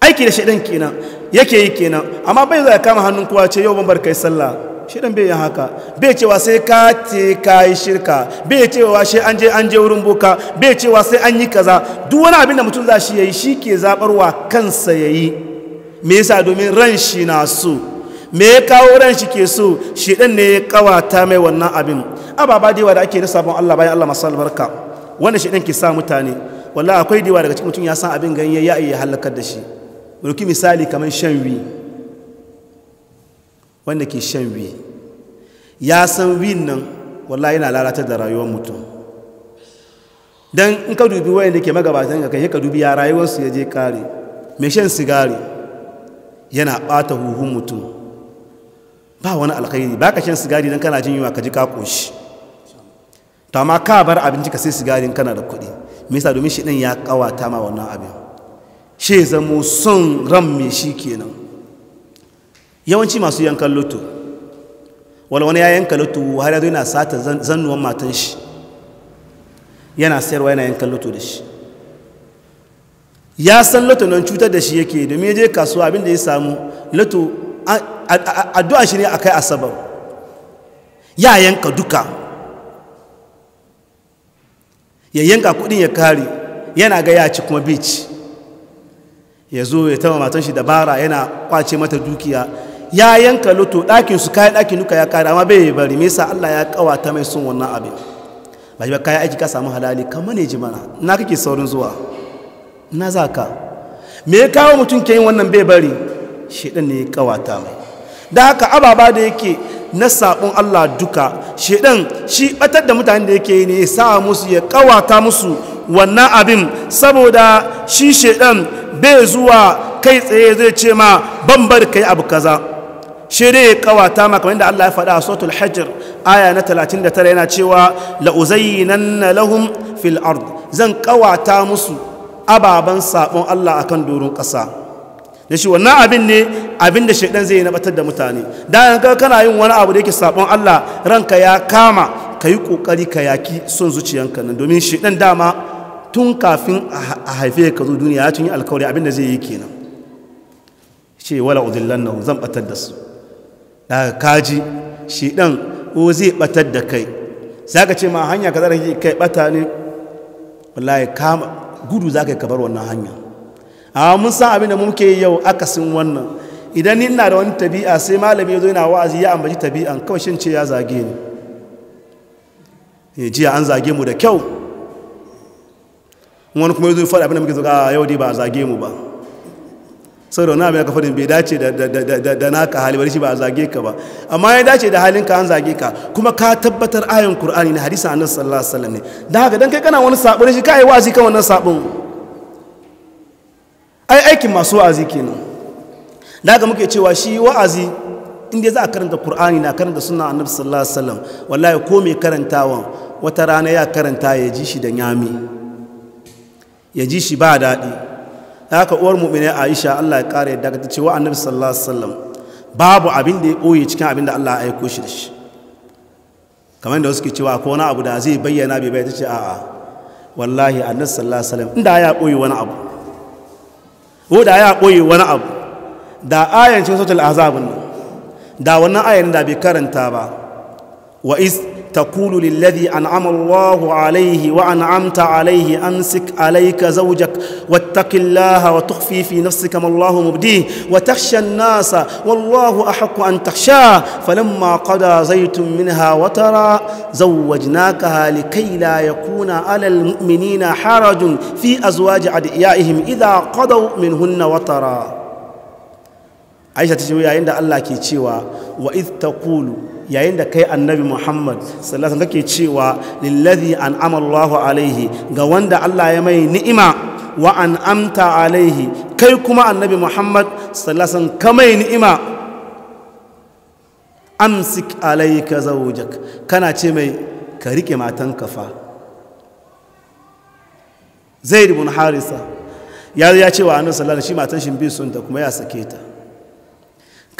aiki da shaidan kenan yake yi kenan amma bai zai kama hannun kowa ce yau ban kai sallah Shaidan bai yi haka bai cewa sai ka ce ka yi shirka bai cewa shi an je an je wurin boka bai cewa sai an yi kaza duk wani abin da mutum za shi ya yi shi ke zaɓarwa kansa ya yi me yasa domin ran shi na so me ya kawo ran shi ke so shi ɗan ne ya kawata mai wannan abin ababa da yawa da ake da sabon Allah bayan Allah masu barka. wanda shi ɗan ke sa mutane wallahi akwai da yawa daga cikin mutum ya san abin ganye ya iya halakar da shi ruki misali kamar shan wi wanda ke shan wi ya san wi nan wallahi yana lalatar da rayuwar mutum Dan in ka dubi wayan da ke magabatan ka kai ka dubi ya rayuwarsu ya je kare mai shan sigari yana ɓata huhun mutum ba wani alkhairi ba ka shan sigari don kana jin yiwa ka ji ka shi to amma ka bar abinci ka sai sigarin kana da kuɗi me yasa domin shi ɗin ya ƙawata ma wannan abin shi zamo son ran mai shi kenan yawanci masu yankan loto wani wani ya yanka loto har yadda yana sata zannuwan matan shi yana sayarwa yana yankan loto da shi ya san lato nan cutar da shi yake domin ya je kasuwa abin da ya samu lato addu'a shi ne a kai asabar ya yanka duka ya yanka kudin ya kare yana ga ya ci kuma beach ya zo ya taba matan shi dabara yana kwace mata dukiya ya yanka lato ɗakin su kayan ɗakin duka ya kare amma bai bari me yasa Allah ya kawata mai son wannan abin ba shi ba kayan aiki ka samu halali kamar ne ji mana na kake saurin zuwa ina za ka me ya kawo mutum ke yin wannan bai bari shaidan ne ya kawata mai da haka ababa da yake na sabon Allah duka shaiɗan shi batar da mutane da yake ne sa musu ya kawata musu wannan abin saboda shi shaiɗan bai zuwa kai tsaye zai ce ma ban bar kai abu kaza shi dai ya kawata ma kamar da Allah ya faɗa a suratul hajr aya na 39 yana cewa la uzayyinanna lahum fil ard zan kawata musu ababen sabon Allah akan doron ƙasa da shi wannan abin ne abin da shaidan zai na batar da mutane dan ka kana yin wani abu da yake sabon Allah ranka ya kama ka yi kokari ka yaki son zuciyanka nan domin shaidan dama tun kafin a haife ka zo duniya ya tun yi alkawari abin da zai yi kenan ce wala udillannahu zan batar da su daga kaji shaidan ko oh, zai batar da kai sai ka ce ma hanya kaza yi kai bata ne wallahi kama gudu za ka kabar wannan hanya amma mun san abin da muke yau akasin wannan idan ni ina da wani tabi'a sai malami ya zo yana wa'azi ya ambaci tabi'an kawai shin ce ya zage ni eh, ya ji an zage mu da kyau wani kuma ya zo faɗa abin da muke zo ah, yau dai ba a zage mu ba saboda wani abin da kafarin bai dace da naka hali bari shi ba a zage ka ba amma ya dace da halin ka an zage ka kuma ka tabbatar ayon kur'ani na hadisa annabi sallallahu alaihi wasallam ne da haka dan kai kana wani sabon shi kai wazi kan wannan sabon ai aikin masu wa'azi kenan da haka muke cewa shi wa'azi inda za a karanta kur'ani na karanta suna annabi sallallahu alaihi wasallam wallahi ko mai karantawan wata rana ya karanta ya ji shi da nyami ya ji shi ba daɗi haka uwar mu'mina Aisha Allah ya kare daga ta ce wa annabi sallallahu alaihi wasallam babu abin da ya koyi cikin abin da Allah ya aiko shi da shi kamar da wasu ke cewa ko wani abu da zai bayyana bai bai ta ce a'a wallahi annabi sallallahu alaihi wasallam inda ya koyi wani abu ko da ya koyi wani abu da ayan cikin sautul azabun da wannan ayan da bai karanta ba wa is تقول للذي أنعم الله عليه وأنعمت عليه أمسك عليك زوجك واتق الله وتخفي في نفسك ما الله مبديه وتخشى الناس والله أحق أن تخشاه فلما قضى زيت منها وترى زوجناكها لكي لا يكون على المؤمنين حرج في أزواج أدعيائهم إذا قضوا منهن وترى عائشة تشوي عند الله كي تشوى وإذ تقول yayin da kai annabi muhammad sallallahu kake cewa lillazi an Allahu alaihi ga wanda allah ya mai ni'ima wa an amta alaihi kai kuma annabi muhammad sallallahu ka mai ni'ima amsik alayka zawjak kana ce mai ka rike matan kafa zaid ibn harisa ya ce wa annabi sallallahu shi matan shi bi sun ta kuma ya sake ta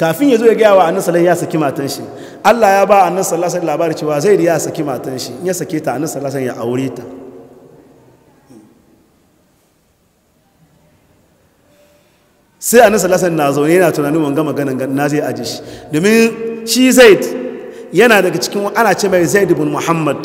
kafin ya zo ya gaya wa annan ya saki matan shi allah ya ba annan sallasai cewa zai ya saki matan shi ya sake ta annan ya aure ta sai annan na zaune yana tunanin wanga maganin na zai aji shi domin shi zaid yana daga cikin ana ce mai zaid bin muhammad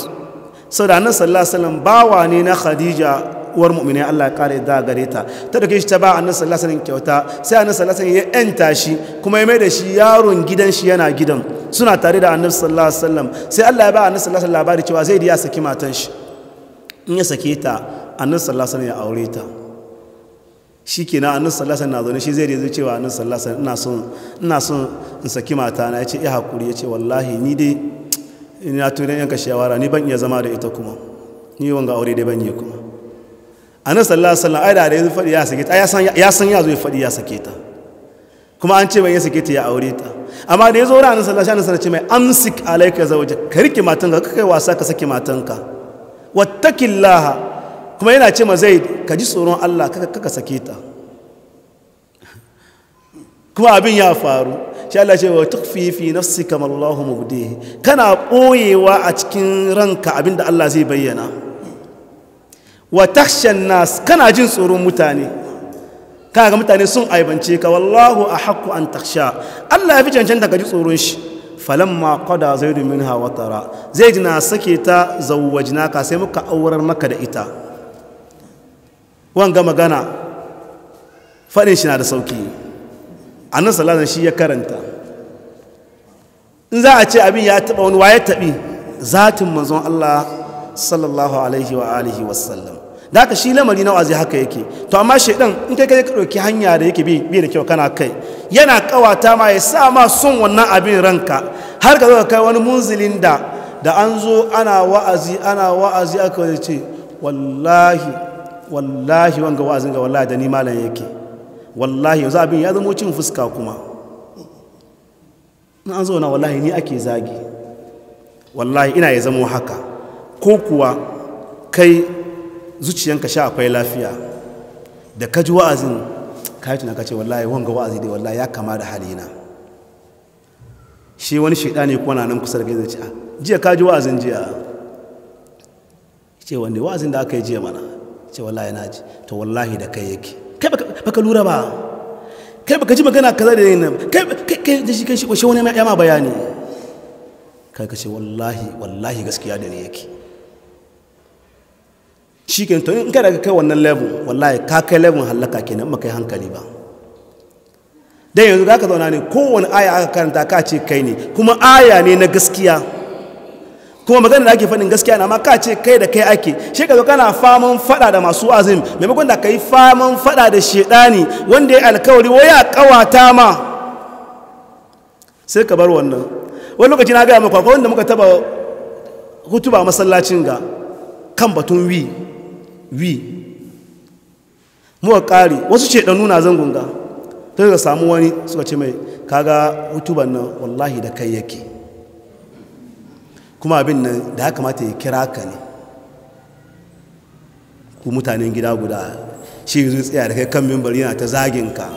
sau da annan bawa ne na khadija uwar mu'mini Allah ya kare da gare ta ta dake shi ta ba annabi sallallahu alaihi wasallam kyauta sai annabi sallallahu alaihi wasallam ya enta shi kuma ya mai da shi yaron gidan shi yana gidan suna tare da annabi sallallahu alaihi wasallam sai Allah ya ba annabi sallallahu alaihi wasallam labari cewa zai ya saki matan shi in ya sake ta annabi sallallahu alaihi wasallam ya aure ta shi ke na alaihi sallasan na zaune shi zai rezu cewa annin sallasan ina son in saki mata na ya ce ya haƙuri ya wallahi ni dai ina tunan yanka shawara ni ban iya zama da ita kuma ni wanga aure dai ban yi kuma annabi sallallahu alaihi wasallam ai da da ya faɗi ya sake ta ya san ya zo ya fadi ya sake ta kuma an ce ban ya sake ta ya aure ta amma da ya zo sallah sallallahu alaihi wasallam ce mai amsik alayka zawja ka rike matanka ka kai wasa ka sake matanka wattaqillaha kuma yana ce ma zai ka ji tsoron Allah kaka ka sake ta kuma abin ya faru shi Allah ce wa tukfi fi nafsika ma Allahu mubdihi kana boyewa a cikin ranka abinda Allah zai bayyana wa takshan nas kana jin tsoron mutane kana ga mutane sun aibance ka wallahu ahqqu an taksha Allah ya fi cancanta ka ji tsoron shi falamma qada zaidu minha watara zaid na sake ta zawwajnaka sai muka aurar maka da ita wanga magana fadin shi na da sauki annabi sallallahu shi ya karanta in za a ce abin ya taba wani waye tabi zatin manzon Allah sallallahu alaihi wa alihi wasallam da ka shi lamari na wazi haka yake to amma shaidan in kai kai ka ɗauki hanya da yake bi da kyau kana kai yana kawata ma ya sa ma son wannan abin ranka har ka zo kai wani munzilin da da an zo ana wa'azi ana wa'azi aka yi ce wallahi wallahi wanga wa'azin ga wallahi da ni malam yake wallahi yanzu abin ya zama cin fuska kuma na an zo na wallahi ni ake zagi wallahi ina ya zama haka ko kuwa kai zuciyanka sha akwai lafiya da ka ji wa'azin ka yi tunaka ce wallahi wanga wa'azi dai wallahi ya kama da halina shi wani shaidani kuwa na nan kusa da gaisa ce ah, jiya ka ji wa'azin jiya ce wanda wa'azin da aka yi jiya mana ce wallahi na ji to wallahi da kai yake kai baka lura ba kai baka ji magana kaza da yin kai kai da shi kai shi wani ya ma bayani kai ka ce wallahi wallahi gaskiya da ne yake shi ke to in kada ka kai wannan level wallahi ka kai level hallaka kenan ba kai hankali ba dan yanzu zaka zauna ne kowane aya aka karanta ka ce kai ne kuma aya ne na gaskiya kuma magana da ake faɗin gaskiya na ma ka ce kai da kai ake shi ka zo kana faman faɗa da masu azim maimakon da ka yi faman faɗa da shaidani wanda ya alkawari wai ya kawata ma sai ka bar wannan wani lokaci na gaya maka wanda muka taba hutuba masallacin ga kan batun wi wi muwa ƙari wasu ce ɗan nuna zangon ga ta ga samu wani suka ce mai kaga hutuban nan wallahi da kai yake kuma abin nan da ya kamata ya kira ka ne ku mutanen gida guda shi zai tsaya da kai kan mimbar yana ta zagin ka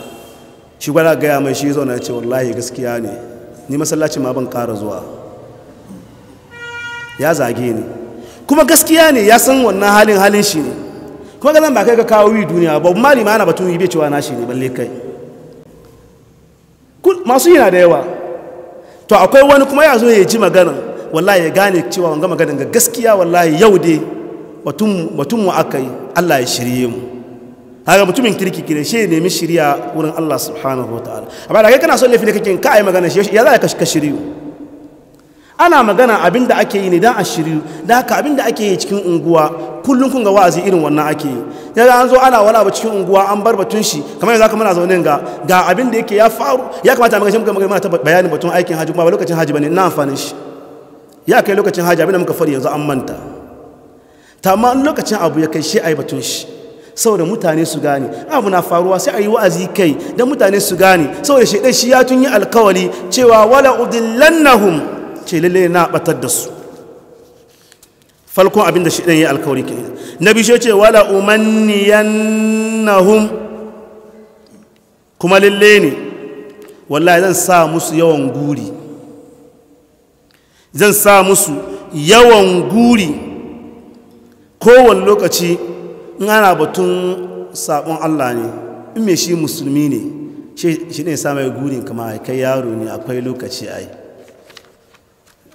shi gwada gaya mai shi zauna ce wallahi gaskiya ne ni masallacin ma ban kara zuwa ya zage ni kuma gaskiya ne ya san wannan halin halin shi ne kuma ganin ba kai ka kawo yi duniya ba mali ma ana batun yi bai cewa na shi ne balle kai masu yi na da yawa to akwai wani kuma ya zo ya ji magana wallahi ya gane cewa wanga maganin ga gaskiya wallahi yau dai batun mu aka yi allah ya shirye mu haka mutumin kirki kire shi nemi shirya wurin allah subhanahu wa ta'ala amma da kai kana son laifin da kake ka yi magana shi ya za ka shiryu ana magana abin da ake yi ne don a da haka abin da ake yi cikin unguwa kullum kun ga wa'azi irin wannan ake yi za an zo ana wala ba cikin unguwa an bar batun shi kamar yanzu aka muna zaune ga ga abin da yake ya faru ya kamata a magashin muka magana ta bayanin batun aikin hajji kuma ba lokacin hajji ne na amfanin shi ya kai lokacin hajji abin da muka fari yanzu an manta ta ma lokacin abu ya kai shi a yi batun shi saboda mutane su gane abu na faruwa sai a yi wa'azi kai don mutane su gane saboda shaidan shi ya tun yi alkawali cewa wala udillannahum ce lalle na batar da su falkon abinda da shi ɗan yi alkawari ke na bishe ce wala umanniyannahum kuma lalle ne wallahi zan sa musu yawan guri zan sa musu yawan guri kowane lokaci in ana batun sabon Allah ne in me shi musulmi ne shi ne sa mai gurin kama kai yaro ne akwai lokaci ai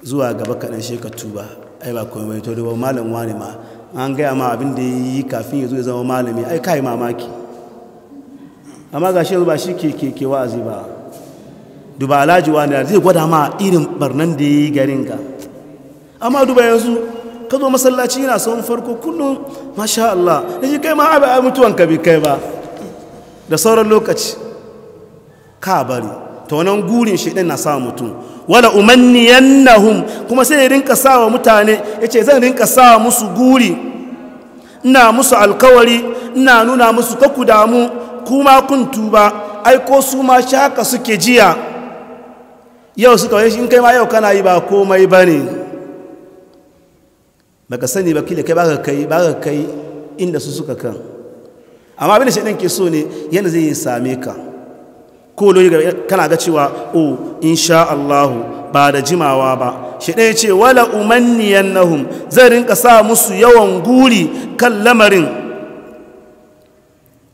zuwa gaba kaɗan shi ka tuba ai ba mai tori ba malam wani ma an gaya ma abin da ya yi kafin ya zo ya zama malami ai kai mamaki amma ga shi ba shi ke ke wa'azi ba duba alhaji wani zai gwada ma irin barnan da ya yi garin ka amma duba yanzu ka zo masallaci yana son farko kullum masha Allah da shi kai ma abin mutuwan ka bi kai ba da sauran lokaci ka bari ta wani gurin shaidan na sawa mutum wala umanniyannahum kuma sai ya rinka sawa mutane ce zan rinka sawa musu guri na musu alkawari na nuna musu kaku damu kuma kun tuba aiko su ma shaka suke jiya yau suka wani in kai ma yau kana yi ba komai ba ne baka sani ba kila kai baka kai baka kai inda su suka kan amma abin da shaidan ke so ne yana zai same ka ko lori kana ga cewa o insha Allahu ba da jimawa ba shi ɗaya ce wala umanniyan nahum zai rinka sa musu yawan guri kan lamarin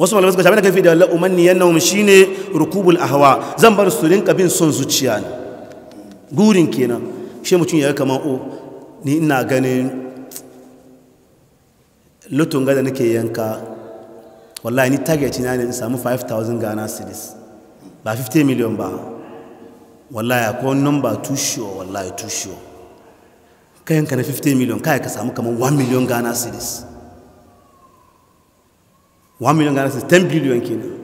wasu malamai suka shafi da kafi da wala umanniyan shi shine rukubul ahwa zan bar su rinka bin son zuciya ne gurin kenan shi mutum ya kama o ni ina ganin lutun gada nake yanka wallahi ni target na ne in samu 5000 Ghana cedis ba 50 million ba wallahi akwai number too sure wallahi too sure kayan ka na 50 million kai ka samu kamar 1 million ghana cedis 1 million ghana cedis 10 billion kenan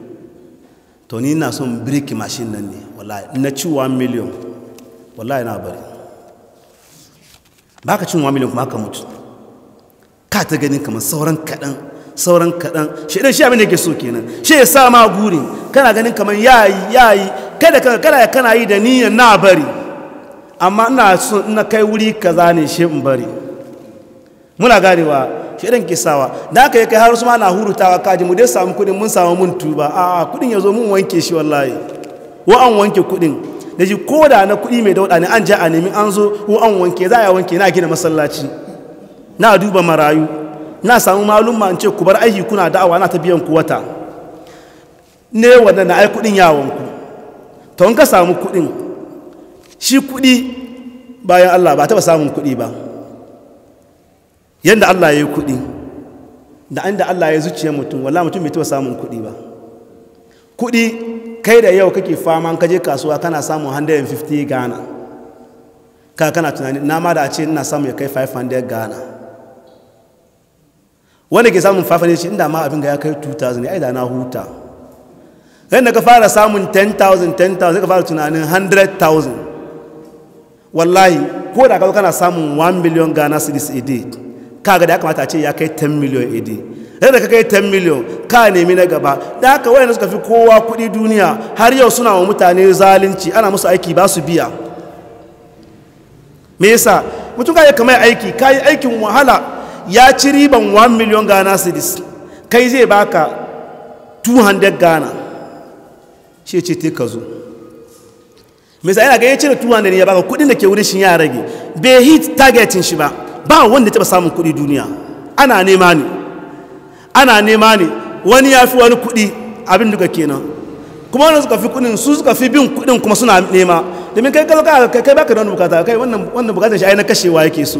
to ni na son break machine nan ne wallahi na ci 1 million wallahi na bari ba ka cin 1 million kuma ka mutu ka ta ganin kamar sauran kaɗan sauran kaɗan shi ɗin shi abin da ke so kenan shi ya sa ma guri kana ganin kamar yayi yayi kada yi. kada kana yi da niyyar na bari amma ina so ina kai wuri kaza ne shi in bari muna garewa. shi ɗin kisawa da aka yi kai har su ma na hurutawa kaji mu dai samu kuɗin mun samu mun tuba a kuɗin ya zo mun wanke shi wallahi wa an wanke kuɗin da ji ko da na kuɗi mai dauɗa ne an ja a nemi an zo ko an wanke za a wanke na gina masallaci na duba marayu na samu malumma in ce ku bar aiki kuna da'awa na ta biyan ku wata ne wanda na ai kudin yawon ku to in ka samu kudin shi kudi bayan Allah ba taɓa samun kudi ba yadda Allah ya yi kudi da inda Allah ya zuciya mutum wala mutum bai taɓa samun kudi ba kudi kai da yau kake fama ka je kasuwa kana samun 150 Ghana ka kana tunani na ma da a ce ina samun ya kai 500 Ghana wanda ke samun fafare shi inda ma abin ga ya kai 2000 ai da na huta ran da ka fara samun 10,000 10,000 ka fara tunanin 100,000 wallahi ko da kawo kana samun 1 million ghana cedis a day ga da ya kamata a ce ya kai 10 million a day ran da ka kai 10 million ka nemi na gaba da haka wayanda suka fi kowa kudi duniya har yau suna wa mutane zalunci ana musu aiki ba su biya me yasa mutum ka yi kamar aiki ka yi aikin wahala ya ci riban 1 million ghana cities kai zai baka 200 ghana shi ce te ka zo misa yana ga ya cire 200 ne ya baka kudin da ke wurin shi ya rage bai hit targetin shi ba ba wanda taba samun kudi duniya ana nema ne ana nema ne wani ya fi wani kudi abin duka kenan kuma wanda suka fi kudin su suka fi bin kudin kuma suna nema domin kai kai baka da wani bukata kai wannan bukatar shi ai na kashewa yake so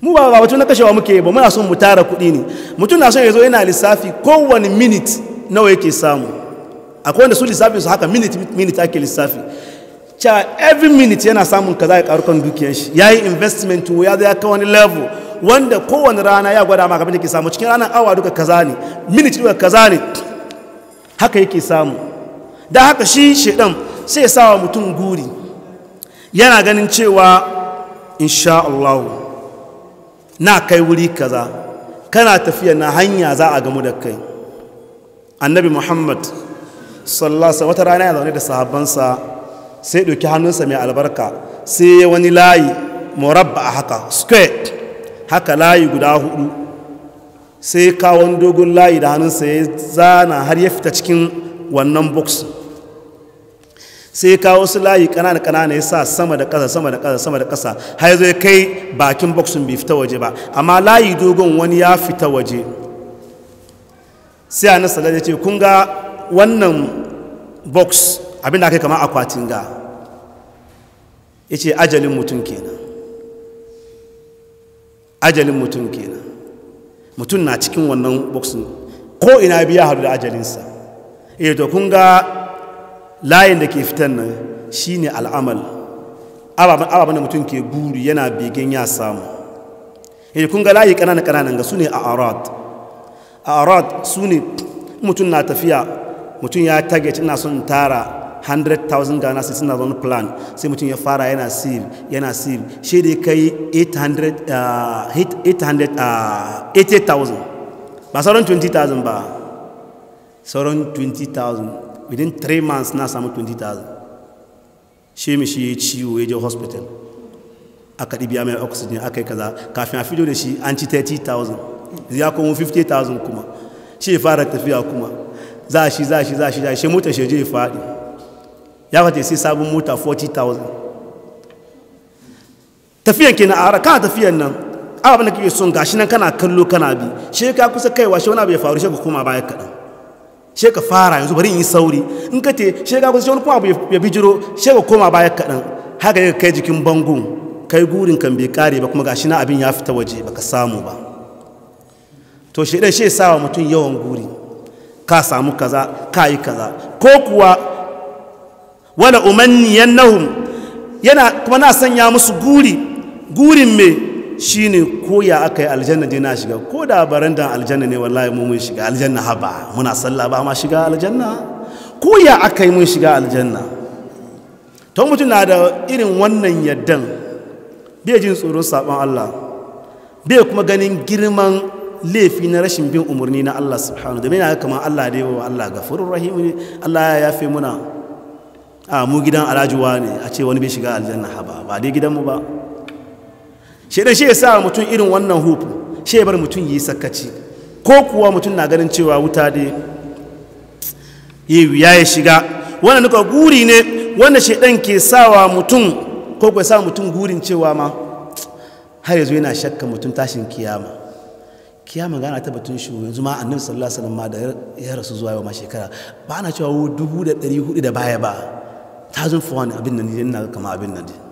mu ba ba mutum na kashewa muke ba muna son mu tara kuɗi ne mutum na son ya zo yana lissafi kowane minit nawa yake samu akwai wanda su lissafi su haka minit minit ake lissafi cewa every minit yana samun kaza ya karukan dukiyar shi ya yi investment ya zai aka wani level wanda kowane rana ya gwada maka da ke samu cikin ranar awa duka kaza ne minit duka kaza ne haka yake samu da haka shi shaidan sai ya sa wa mutum guri yana ganin cewa insha Allah na kai wuri kaza kana tafiya na hanya za a gamu da kai annabi muhammad sallasa wata rana ya zaune da sahabbansa sai ɗauki hannunsa mai albarka sai ya wani layi murabba a haka square haka layi guda hudu sai kawon dogon layi da hannunsa ya zana har ya fita cikin wannan box sai ya kawo su layi kanana ƙanana ya sa sama da ƙasa sama da ƙasa sama da ƙasa har zai kai bakin boksin bai fita waje ba amma layi dogon wani ya fita waje sai anas sallallahu ya ce kun ga wannan boks abin da aka kama akwatin ga ya ce ajalin mutum kenan ajalin mutum kenan mutum na cikin wannan boksin. ko ina biya hadu da ajalinsa iya eh, to kun ga layin da ke fitan nan ne al'amal ababen da mutum ke buru yana begen ya samu yadda eh, kun ga layi kananan-kananan ga su ne a arad a arad su ne mutum na tafiya mutum ya target ina son tara 100,000 ghana sai suna zonu plan sai mutum ya fara yana save yana save shi da ya kai 800,000 ah, ah, ba sauran 20,000 ba sauran 20,000 within three months na samu 20,000 shi mi shi ya ciwo ya je hospital aka biya mai oxygen aka yi kaza kafin a fito da shi an ci 30,000 ya kuma 50,000 kuma shi ya fara tafiya kuma za shi za shi za shi za shi mota shi je ya faɗi ya fata sai sabon mota 40,000 tafiyan ke na ara kana tafiyan nan abin da kake son gashi nan kana kallo kana bi shi ka kusa kaiwa shi wani abu ya faru shi ka koma baya kaɗan she ka fara yanzu bari in yi sauri in ka te she ga wani kuma abu ya bijiro she ka koma baya kaɗan haka ya kai jikin bango kai gurin kan bai kare ba kuma ga shi na abin ya fita waje ba ka samu ba to shi ɗan she sawa mutum yawan guri ka samu kaza ka yi kaza ko kuwa wala nahu yana kuma na sanya musu guri gurin me shi ko ya aka yi aljanna dai na shiga ko da barandan aljanna ne wallahi mu mun shiga aljanna haba muna sallah ba ma shiga aljanna ko ya aka yi mun shiga aljanna to mutum na da irin wannan yaddan bai jin tsoron sabon Allah bai kuma ganin girman laifi na rashin bin umarni na Allah subhanahu da yana kamar Allah da yawa Allah furin rahimu ne Allah ya yafe muna a mu gidan alajuwa ne a ce wani bai shiga aljanna haba ba dai gidanmu ba shaidan shi ya sa mutum irin wannan hufu shi ya bar mutum yi sakaci ko kuwa mutum na ganin cewa wuta da ya ya shiga wannan nuka guri ne wanda shaidan ke sawa mutum ko kuwa sa mutum gurin cewa ma har yanzu yana shakka mutum tashin kiyama kiyama gana ta batun shi yanzu ma annabi sallallahu alaihi wasallam ma da ya rasu zuwa yau ma shekara ba ana cewa dubu da hudu da baya ba ta zun abin nan yana kama abin nan dai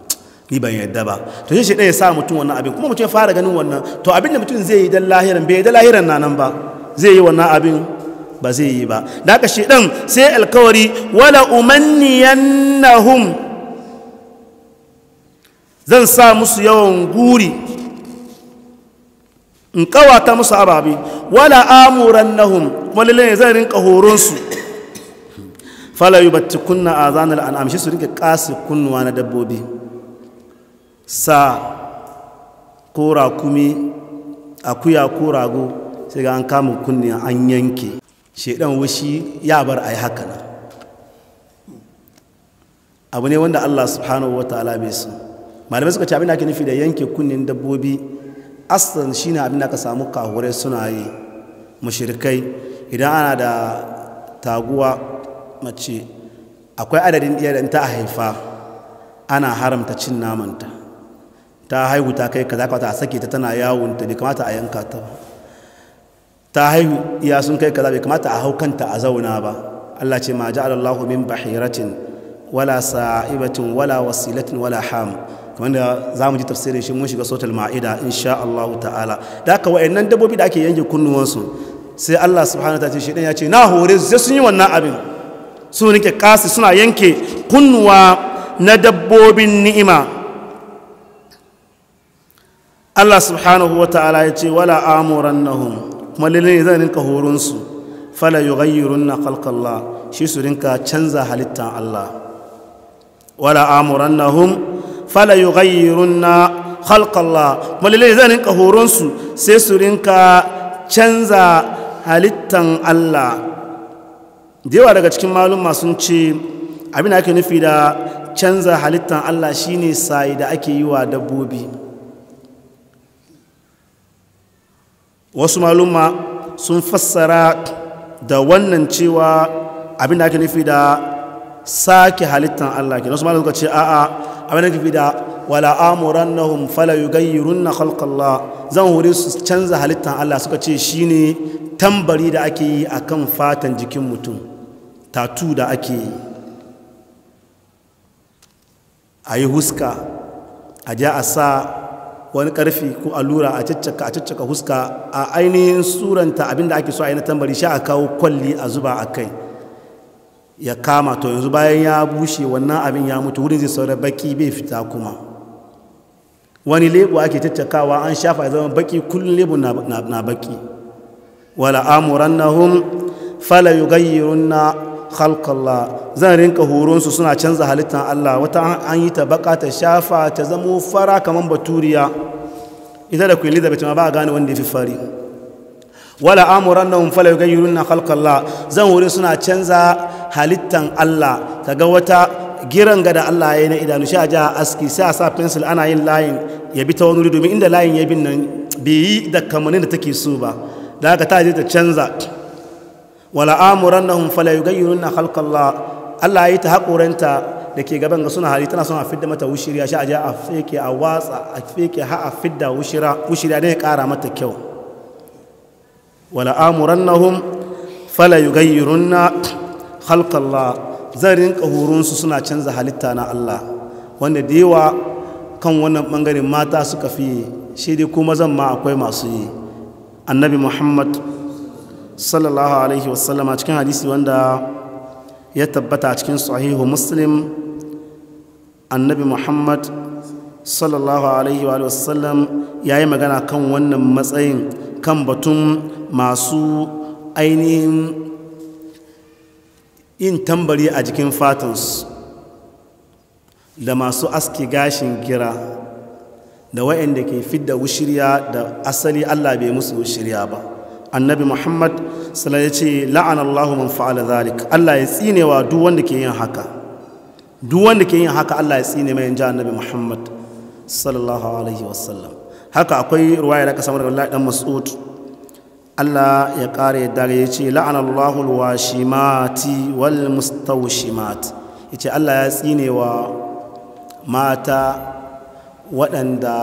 ni ban yadda ba to shi ɗaya sa mutum wannan abin kuma mutum ya fara ganin wannan to abin da mutum zai yi dan lahiran bai da lahiran na nan ba zai yi wannan abin ba zai yi ba da haka shi ɗan sai alkawari wala hum zan sa musu yawan guri in kawata musu ababi wala amurannahum kuma lalle zan rinka horonsu fala yubattikunna azanal an'am shi su rinka kasi kunnuwa na dabbobi sa ko akuya ko rago sai ga an kama kunni an yanke shaidan wushi ya bar a yi haka abu ne wanda allah subhanahu wa ta'ala bai su malamai suka ce abin da ake nufi da yanke kunnin dabbobi shi shine abin da ka samu kahurai suna yi mushirikai idan ana da taguwa mace akwai adadin da ta haifa ana haramta cin namanta ta haihu ta kai kaza kawata a sake ta tana yawon ta bai kamata a yanka ta ta haihu iya sun kai kaza bai kamata a haukanta a zauna ba Allah ce ma ja'ala Allahu min bahiratin wala sa'ibatin wala wasilatin wala ham kamar da za mu ji tafsirin shi mun shiga sotar ma'ida insha Allah ta'ala da haka wa'annan dabbobi da ake yanke kunnuwansu sai Allah subhanahu ta'ala shi ya ce na hore sai sun yi wannan abin su nake kasi suna yanke kunnuwa na dabbobin ni'ima Allah subhanahu wa ta'ala ya ce wala amurannahum kuma lalle zan rinka horon su fala yughayyirunna khalqallah shi su rinka canza halittan Allah wala amurannahum fala yughayyirunna khalqallah kuma lalle zan rinka horon su sai su rinka canza halittan Allah da yawa daga cikin maluma sun ce abin da ake nufi da canza halittan Allah shine sai da ake yi wa dabbobi wasu maluma sun fassara da wannan cewa abin da ake nufi da sake halittan Allah ke wasu maluma suka ce a'a abin da ake nufi da wala hun fala yughayyirunna kalkalla zan hori su canza halittan Allah suka ce shi ne. tambari da ake yi a kan fatan jikin mutum tatu da ake yi a yi huska a ja a sa wani karfi ko allura a caccaka a caccaka huska a ainihin suranta abinda ake so a yi na tambari sha a kawo kwalli a zuba a kai ya kama to yanzu bayan ya bushe wannan abin ya mutu wurin zai saura baki bai fita kuma wani lebo ake caccakawa an shafa ya zama baki kullum lebo na baki wala amurannahum fala na khalqallah zan rinka su suna canza halittar Allah wata an yi ta baka ta shafa ta zamo fara kaman baturiya ita da ku da ma ba gane wanda ya fi fari wala amuran nan fala yughayyiruna khalqallah zan hore suna canza halittan Allah kaga wata giran ga da Allah ya yi na idanu sha ja aski sai a sa pencil ana yin layin ya bi ta wani wuri domin inda layin ya bin nan bai yi da kamannin da take so ba da ka ta je ta canza wala amurannahum fala yughayyirunna khalqallah Allah yi ta hakuranta da ke gaban ga suna hali tana son a fidda mata wushiriya sha aje a feke a watsa a feke ha a fidda wushira wushiriya ne ya kara mata kyau wala amurannahum fala yughayyirunna khalqallah zan rinka horonsu suna canza halitta na Allah wanda da yawa kan wannan bangaren mata suka fi shi dai kuma zan ma akwai masu yi annabi muhammad sallallahu alaihi wasallama cikin hadisi wanda ya tabbata a cikin sahihu muslim annabi muhammad sallallahu alaihi wasallam ya yi magana kan wannan matsayin kan batun masu ainihin yin tambari a jikin fatansu da masu aski gashin gira da waɗanda ke fidda wushirya da asali allah bai musu wushirya ba annabi muhammad sala ya ce la'anallahu man fa'ala zalik allah ya tsinewa duk wanda ke yin haka duk wanda ke yin haka allah ya tsine mai ja annabi muhammad sallallahu alaihi wasallam haka akwai ruwaya da ka samu daga dan mas'ud allah ya kare dare ya ce la'anallahu alwashimati wal mustawshimat ya ce allah ya wa mata waɗanda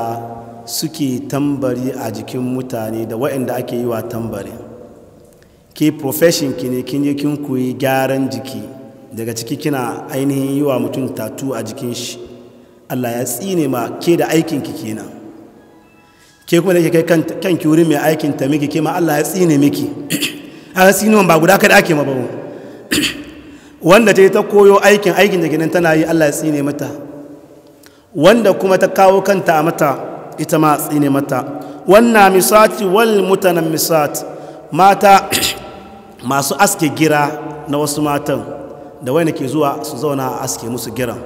suke tambari a jikin mutane da waɗanda ake yi wa tambari ke profession ki ne kin je kin koyi gyaran jiki daga ciki kina ainihin yi wa mutum tatu a jikin shi Allah ya tsine ma ke da aikin ki kenan ke kuma da ke kai ki wurin mai aikin ta miki ke ma Allah ya tsine miki a tsinuwan ba guda kada ake mabawo wanda ta yi ta koyo aikin aikin da kenan tana yi Allah ya tsine mata wanda kuma ta kawo kanta a mata ita ma tsine mata wannan misati wal mutanen misat mata masu aske gira na wasu matan da wani ke zuwa su zauna a aske musu giran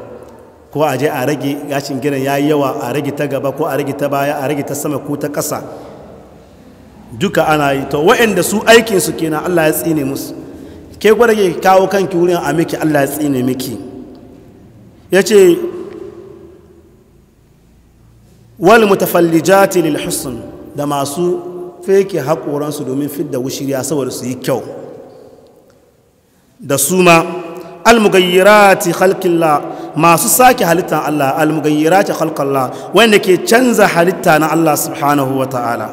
ko a je a rage gashin giran ya yi yawa a rage ta gaba ko a rage ta baya a rage ta sama ko ta ƙasa duka ana yi to waɗanda su aikinsu kenan allah ya tsine musu ke gwada kawo kanki wurin a miki allah ya tsine miki ya ce wal mutafallijati lil husn da masu feke hakoransu domin fidda wushiriya saboda su yi kyau da su ma almugayyirati khalqillah masu sake halitta Allah almugayyirati khalqillah wanda ke canza halitta na Allah subhanahu wa ta'ala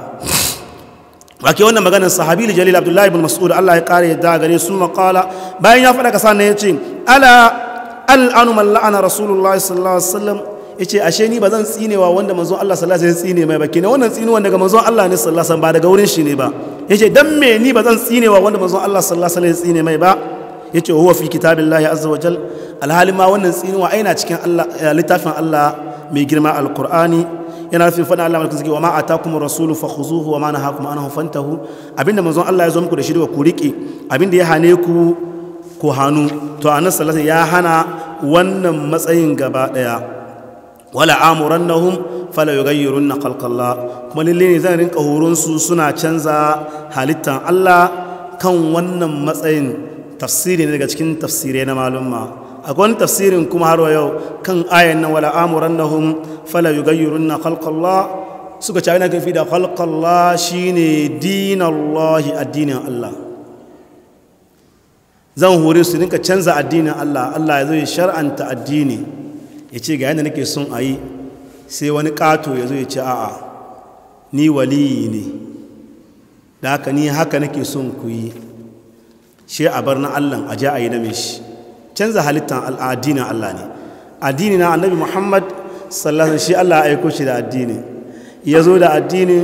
wake wannan maganar sahabi jalil abdullahi ibn mas'ud Allah ya kare da gare su maqala bayan ya faɗa kasa na yace ala al'anu man la'ana rasulullahi sallallahu alaihi wasallam ya ce ashe ni ba zan tsinewa wanda manzon Allah sallallahu alaihi wasallam tsine mai ba kenan wannan tsinuwan daga manzon Allah ne sallallahu alaihi wasallam ba daga wurin shi ne ba yace dan me ni ba zan tsinewa wanda manzon Allah sallallahu alaihi wasallam tsine mai ba yace huwa fi kitabillahi azza wa jal alhali ma wannan tsinuwa aina cikin Allah eh, littafin Allah mai girma alqur'ani yana nufin faɗin Allah malkin zaki wa ma atakum rasulu fakhuzuhu wa ma nahakum anhu fantahu abinda manzon Allah ya zo muku da shi da ku riƙe abinda ya hane ku ko hannu to annabi sallallahu ya hana wannan matsayin gaba daya wala amurannahum fala yughayyirunna kalkalla. kuma lalle ne zan rinka horon su suna canza halittan Allah kan wannan matsayin tafsiri ne daga cikin tafsirai na malumma akwai tafsirin kuma har yau kan ayan nan wala amurannahum fala yughayyirunna kalkalla, suka ci ayyana kafi da khalqallah shine dinallahi addinin Allah zan hore su rinka canza addinin Allah Allah ya zo ya shar'anta addini ya ce ga yadda nake son a yi sai wani ƙato ya zo ya ce a'a ni waliyi ne da haka ni haka nake son ku yi shi a bar na allan a ja a yi na shi canza halittar al'adinin allah ne addini na annabi muhammad sallallahu shi allah ya aiko shi da addini ya zo da addini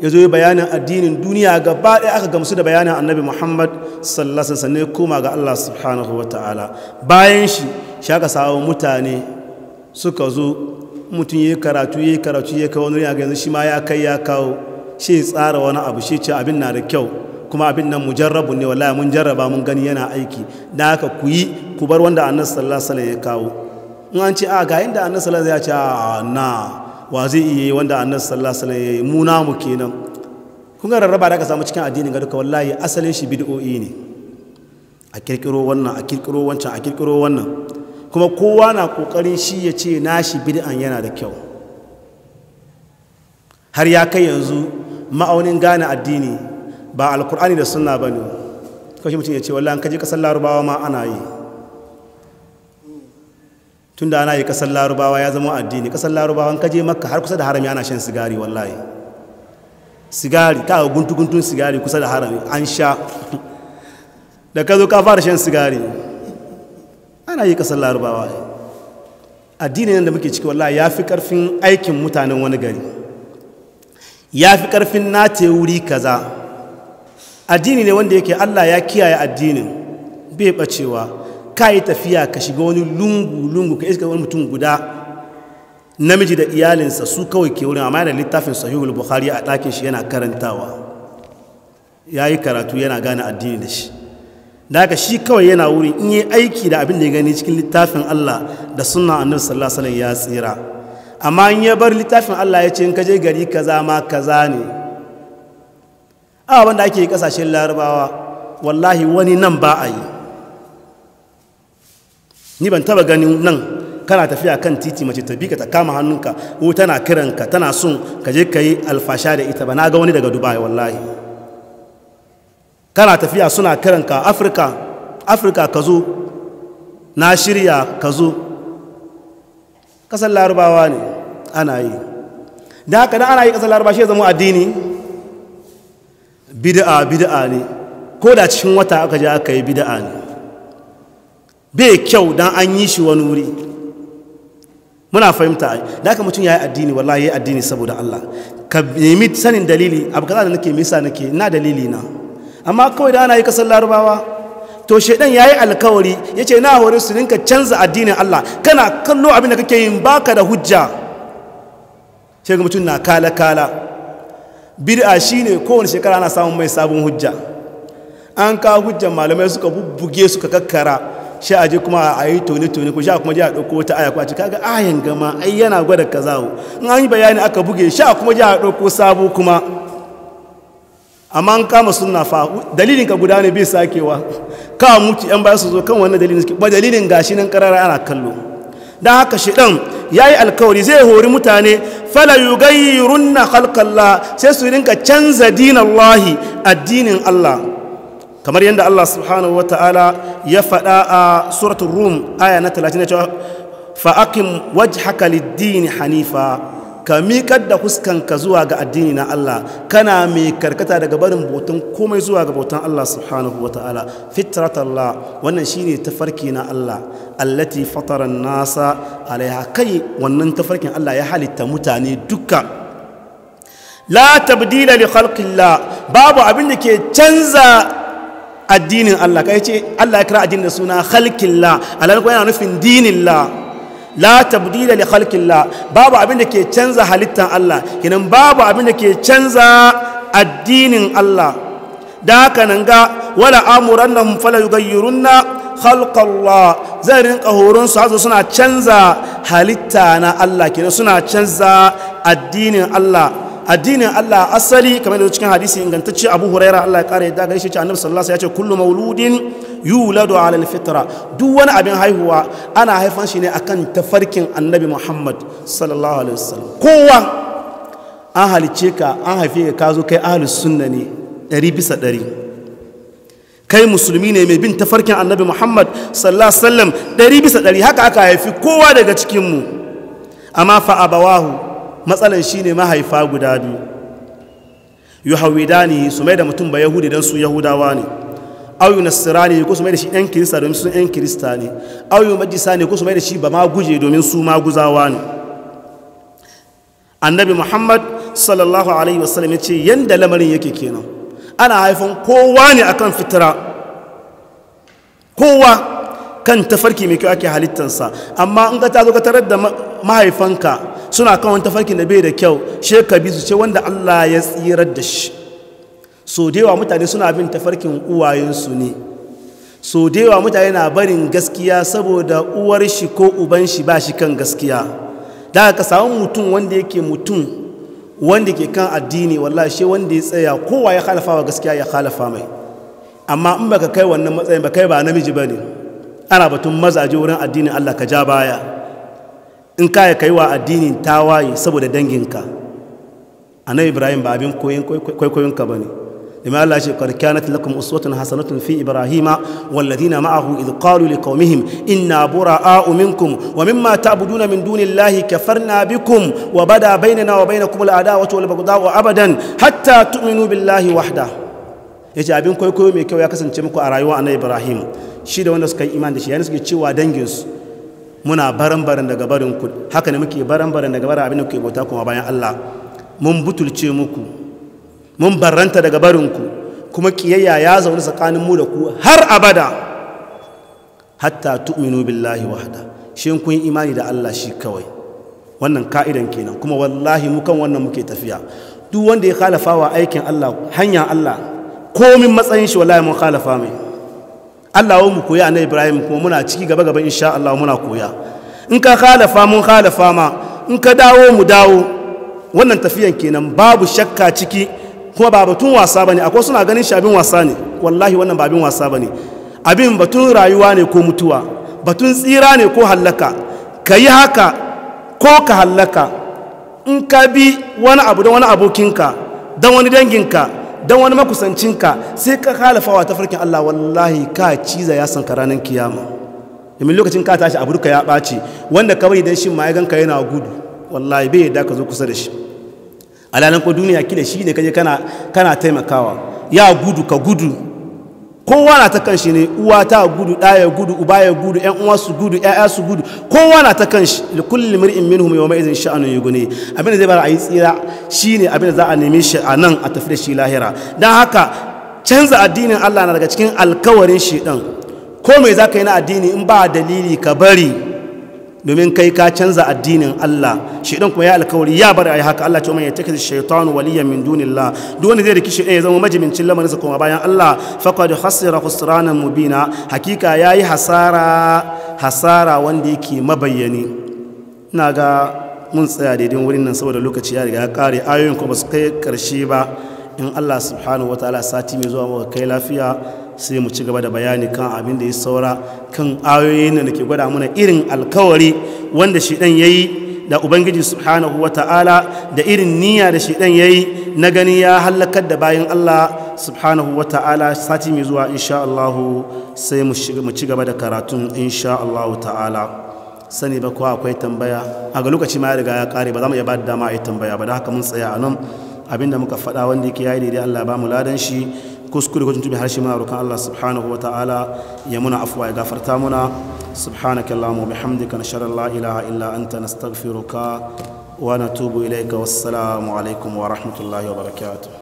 ya zo bayanin addinin duniya gaba ɗaya aka gamsu da bayanin annabi muhammad sallallahu sannan ya koma ga allah subhanahu wa ta'ala bayan shi aka sawo mutane suka zo mutum ya karatu ya karatu ya kawo wani yanzu shi ma ya kai ya kawo shi tsara wani abu shi ce abin na da kyau kuma abin nan mujarrabu ne wallahi mun jarraba mun gani yana aiki da haka ku yi ku bar wanda annas sallallahu alaihi ya kawo in an ce a ga inda annas sallallahu alaihi ya ce a na wa zai iya yi wanda annas sallallahu alaihi ya yi mu namu kenan kun ga rarraba da ka samu cikin addinin ga duka wallahi asalin shi bid'o'i ne a kirkiro wannan a kirkiro wancan a kirkiro wannan kuma kowa na kokarin shi ya ce nashi bid'an yana da kyau har ya kai yanzu ma'aunin gane addini ba alkur'ani da sunna bane kashi mutum ya ce wallahi kaji kaje kasar larubawa ma ana yi tunda ana yi kasar larubawa ya zama addini kasar larubawa kaji kaje makka har kusa da harami ana shan sigari wallahi sigari ka guntu guntun sigari kusa da harami an sha da ka zo ka fara shan sigari ana yi kasar larabawa ne addinin da muke ciki wallah ya fi karfin aikin mutanen wani gari ya fi karfin nace wuri kaza addini ne wanda yake allah ya kiyaye addinin bai bacewa ka yi tafiya ka shiga wani lungu-lungu ka iska wani mutum guda namiji da iyalinsa su kawai ke wurin amma da littafin sahihul bukhari a ɗakin shi yana karantawa ya yi karatu yana gane addini da shi daga shi kawai yana wuri in yi aiki da abin da ya gani cikin littafin Allah da sunna annabi sallallahu ya tsira amma in ya bar littafin Allah ya ce in ka je gari kaza ma kaza ne abin da ake yi kasashen larabawa wallahi wani nan ba a yi ni ban taba gani nan kana tafiya kan titi mace ta bi ka ta kama hannunka ko tana kiranka tana son ka je ka yi alfasha da ita ba na ga wani daga dubai wallahi kana tafiya suna kiranka afirka afirka ka zo na shirya ka zo ƙasar larubawa ne ana yi da haka da ana yi ƙasar larubawa shi zama addini bida'a bida'a ne ko da cikin wata aka je aka yi bida'a ne bai kyau don an yi shi wani wuri muna fahimta yi, da haka mutum ya yi addini wallahi ya yi addini saboda Allah ka nemi sanin dalili abu kaza da nake me nake na dalili na amma kawai da ana yi kasar larabawa to shaidan ya yi alkawari ya ce na hori su ninka canza addinin Allah kana kallo abin da kake yin baka da hujja sai ga mutum na kala-kala bid'a shi ne kowane shekara ana samun mai sabon hujja an kawo hujjan malamai suka bubbuge suka kakkara sha aje kuma a yi toni-toni ko sha kuma ji a ɗauko wata aya kwaci kaga ayan gama ai yana gwada kazawo in an yi bayani aka buge sha kuma ji a ɗauko sabo kuma amma an kama suna fa dalilin ka guda ne bai sakewa ka mutu yan baya su zo kan wannan dalilin suke ba dalilin gashi nan karara ana kallo dan haka ya yayi alkawari zai hori mutane fala na khalqallah sai su rinka canza dinallahi addinin Allah kamar yadda Allah subhanahu ta'ala ya faɗa a suratun rum aya na 30 cewa fa aqim wajhaka lid hanifa ka miƙar da fuskanka zuwa ga addini na Allah kana mai karkata daga barin bautan komai zuwa ga bautan Allah subhanahu wa ta'ala fitratallah wannan shi ne tafarki na Allah allati fataran nasa alaiha kai wannan tafarkin Allah ya halitta mutane duka la tabdila li khalqillah babu abin da ke canza addinin Allah kai ce Allah ya kira addinin da suna khalqillah alal yana nufin dinillah la tabdila li khalqillah babu abin da ke canza halittan Allah kinan babu abin da ke canza addinin Allah da haka nan ga wala amurannahum fala yughayyirunna khalqallah zai qahurun su hazo suna canza halitta na Allah kinan suna canza addinin Allah addinin Allah asali kamar da cikin hadisi ingantacce Abu Huraira Allah ya kare da gaishe ci Annabi sallallahu alaihi wasallam ya ce kullu mauludin yuladu ala alfitra duk wani abin haihuwa ana haifan shi ne akan tafarkin Annabi Muhammad sallallahu alaihi wasallam kowa an halice ka an haife ka ka zo kai ahlus sunna ne 100 bisa 100 kai musulmi ne mai bin tafarkin Annabi Muhammad sallallahu alaihi wasallam 100 bisa 100 haka aka haifi kowa daga cikin mu amma fa abawahu matsalan shi ne mahaifa guda biyu ne su mai da mutum ba yahudi don su yahudawa ne au ne ko su mai da shi yan kirista domin su yan kirista ne au ne ko su mai da shi ba ma guje domin su ma guzawa ne annabi muhammad sallallahu alaihi wasallam ya ce yadda lamarin yake kenan ana haifan kowa ne akan fitara, kowa kan tafarki mai kyau ake halittansa amma in ka ta zo ka tarar da mahaifanka suna kan wani tafarkin da bai da kyau she ka bi su ce wanda Allah ya tsirar da shi so da mutane suna bin tafarkin uwayensu ne so da mutane na barin gaskiya saboda uwar shi ko uban shi ba shi kan gaskiya da ka samu mutum wanda yake mutum wanda ke kan addini wallahi she wanda ya tsaya kowa ya khalafa wa gaskiya ya khalafa mai amma in baka kai wannan matsayin ba kai ba namiji bane ana batun mazaje wurin addinin Allah ka ja baya in yi kai wa addinin tawaye saboda danginka annabi ibrahim ba abin koyon kwaikwayonka ba ne domin allah ce karkanat lakum uswatun hasanatun fi ibrahima walladina ma'ahu id in na inna a minkum wa mimma ta'buduna min dunillahi kafarna bikum wa bada na wa bainakum al'adawatu wal baghdha'u abadan hatta tu'minu billahi wahda ce abin kwaikwayo mai kyau ya kasance muku a rayuwa na ibrahim shi da wanda suka yi imani da shi yana suke cewa danginsu muna baran-baran daga barinku. haka ne muke baran-baran daga barin abin da kuke bauta kuma bayan Allah mun butulce muku mun barranta daga barinku. kuma kiyayya ya zaune tsakanin mu da ku har abada hatta tu'minu billahi wahda shin kun imani da Allah shi kawai wannan ka'idan kenan kuma wallahi mu kan wannan muke tafiya duk wanda ya khalafa wa aikin Allah hanya Allah komin matsayin shi wallahi mun khalafa mai Allah mu koya na Ibrahim kuma muna ciki gaba gaba insha Allah muna koya in ka khalafa mun khalafa ma in ka dawo mu dawo wannan tafiyan kenan babu shakka ciki kuma ba batun wasa bane akwai suna ganin shi abin wasa ne wallahi wannan ba abin wasa bane abin batun rayuwa ne ko mutuwa batun tsira ne ko hallaka ka yi haka ko ka hallaka in ka bi wani abu da wani abokinka don wani danginka Don wani makusancinka sai ka halafawa ta farkin Allah wallahi ka ciza ya sanka ranar kiyama domin lokacin ka tashi duka ya ɓaci wanda ka bari dan shi ma ganka yana gudu wallahi bai yadda ka zo kusa da shi alalan ko duniya kila shi ne kaje kana taimakawa ya gudu ka gudu kowa na ta kan shi ne uwa ta gudu ɗaya gudu uba ya gudu ‘yan uwa su gudu ‘ya'ya su gudu kowa na ta kan shi da kullum mir'in min hum wa izin sha'anun yugune abin da zai bara a yi tsira shi abin da za a neme shi a nan a tafi da shi lahira don haka canza addinin Allah na daga cikin alkawarin shi ɗan ko mai za ka yi na addini in ba dalili ka bari domin kai ka canza addinin Allah shi shedan kuma ya alkawari ya bar ayi haka Allah ce man take shaitan waliyan min dunilla duk wanda zai riki shedan ya zama majimincin lamarin sa kuma bayan Allah faqad khasira khusranan mubina hakika yayi hasara hasara wanda yake mabayyani ina ga mun tsaya daidai wurin nan saboda lokaci ya riga ya kare ayoyin kuma ba su kai karshe ba in Allah subhanahu wataala sati mai zuwa muka kai lafiya sai mu ci gaba da bayani kan abin da ya saura kan ayoyin da ke gwada mana irin alkawari wanda ya yayi da ubangiji subhanahu ta'ala da irin niyya da ya yayi na gani ya halakar da bayan Allah subhanahu ta'ala sati mai zuwa insha Allah sai mu ci gaba da karatun insha Allah ta'ala sani ba ko akwai tambaya a ga lokaci ma ya riga ya kare ba za mu iya ba da dama a yi tambaya ba da haka mun tsaya a nan abinda muka faɗa wanda yake yayi daidai Allah ba mu ladan shi kuskure wajen tubi harshe muna roƙon Allah subhanahu wa ta'ala ya muna afuwa ya gafarta muna subhanaka allahumma bihamdika nashhadu an la ilaha illa anta nastaghfiruka wa natubu ilayka wassalamu alaikum wa rahmatullahi wa barakatuh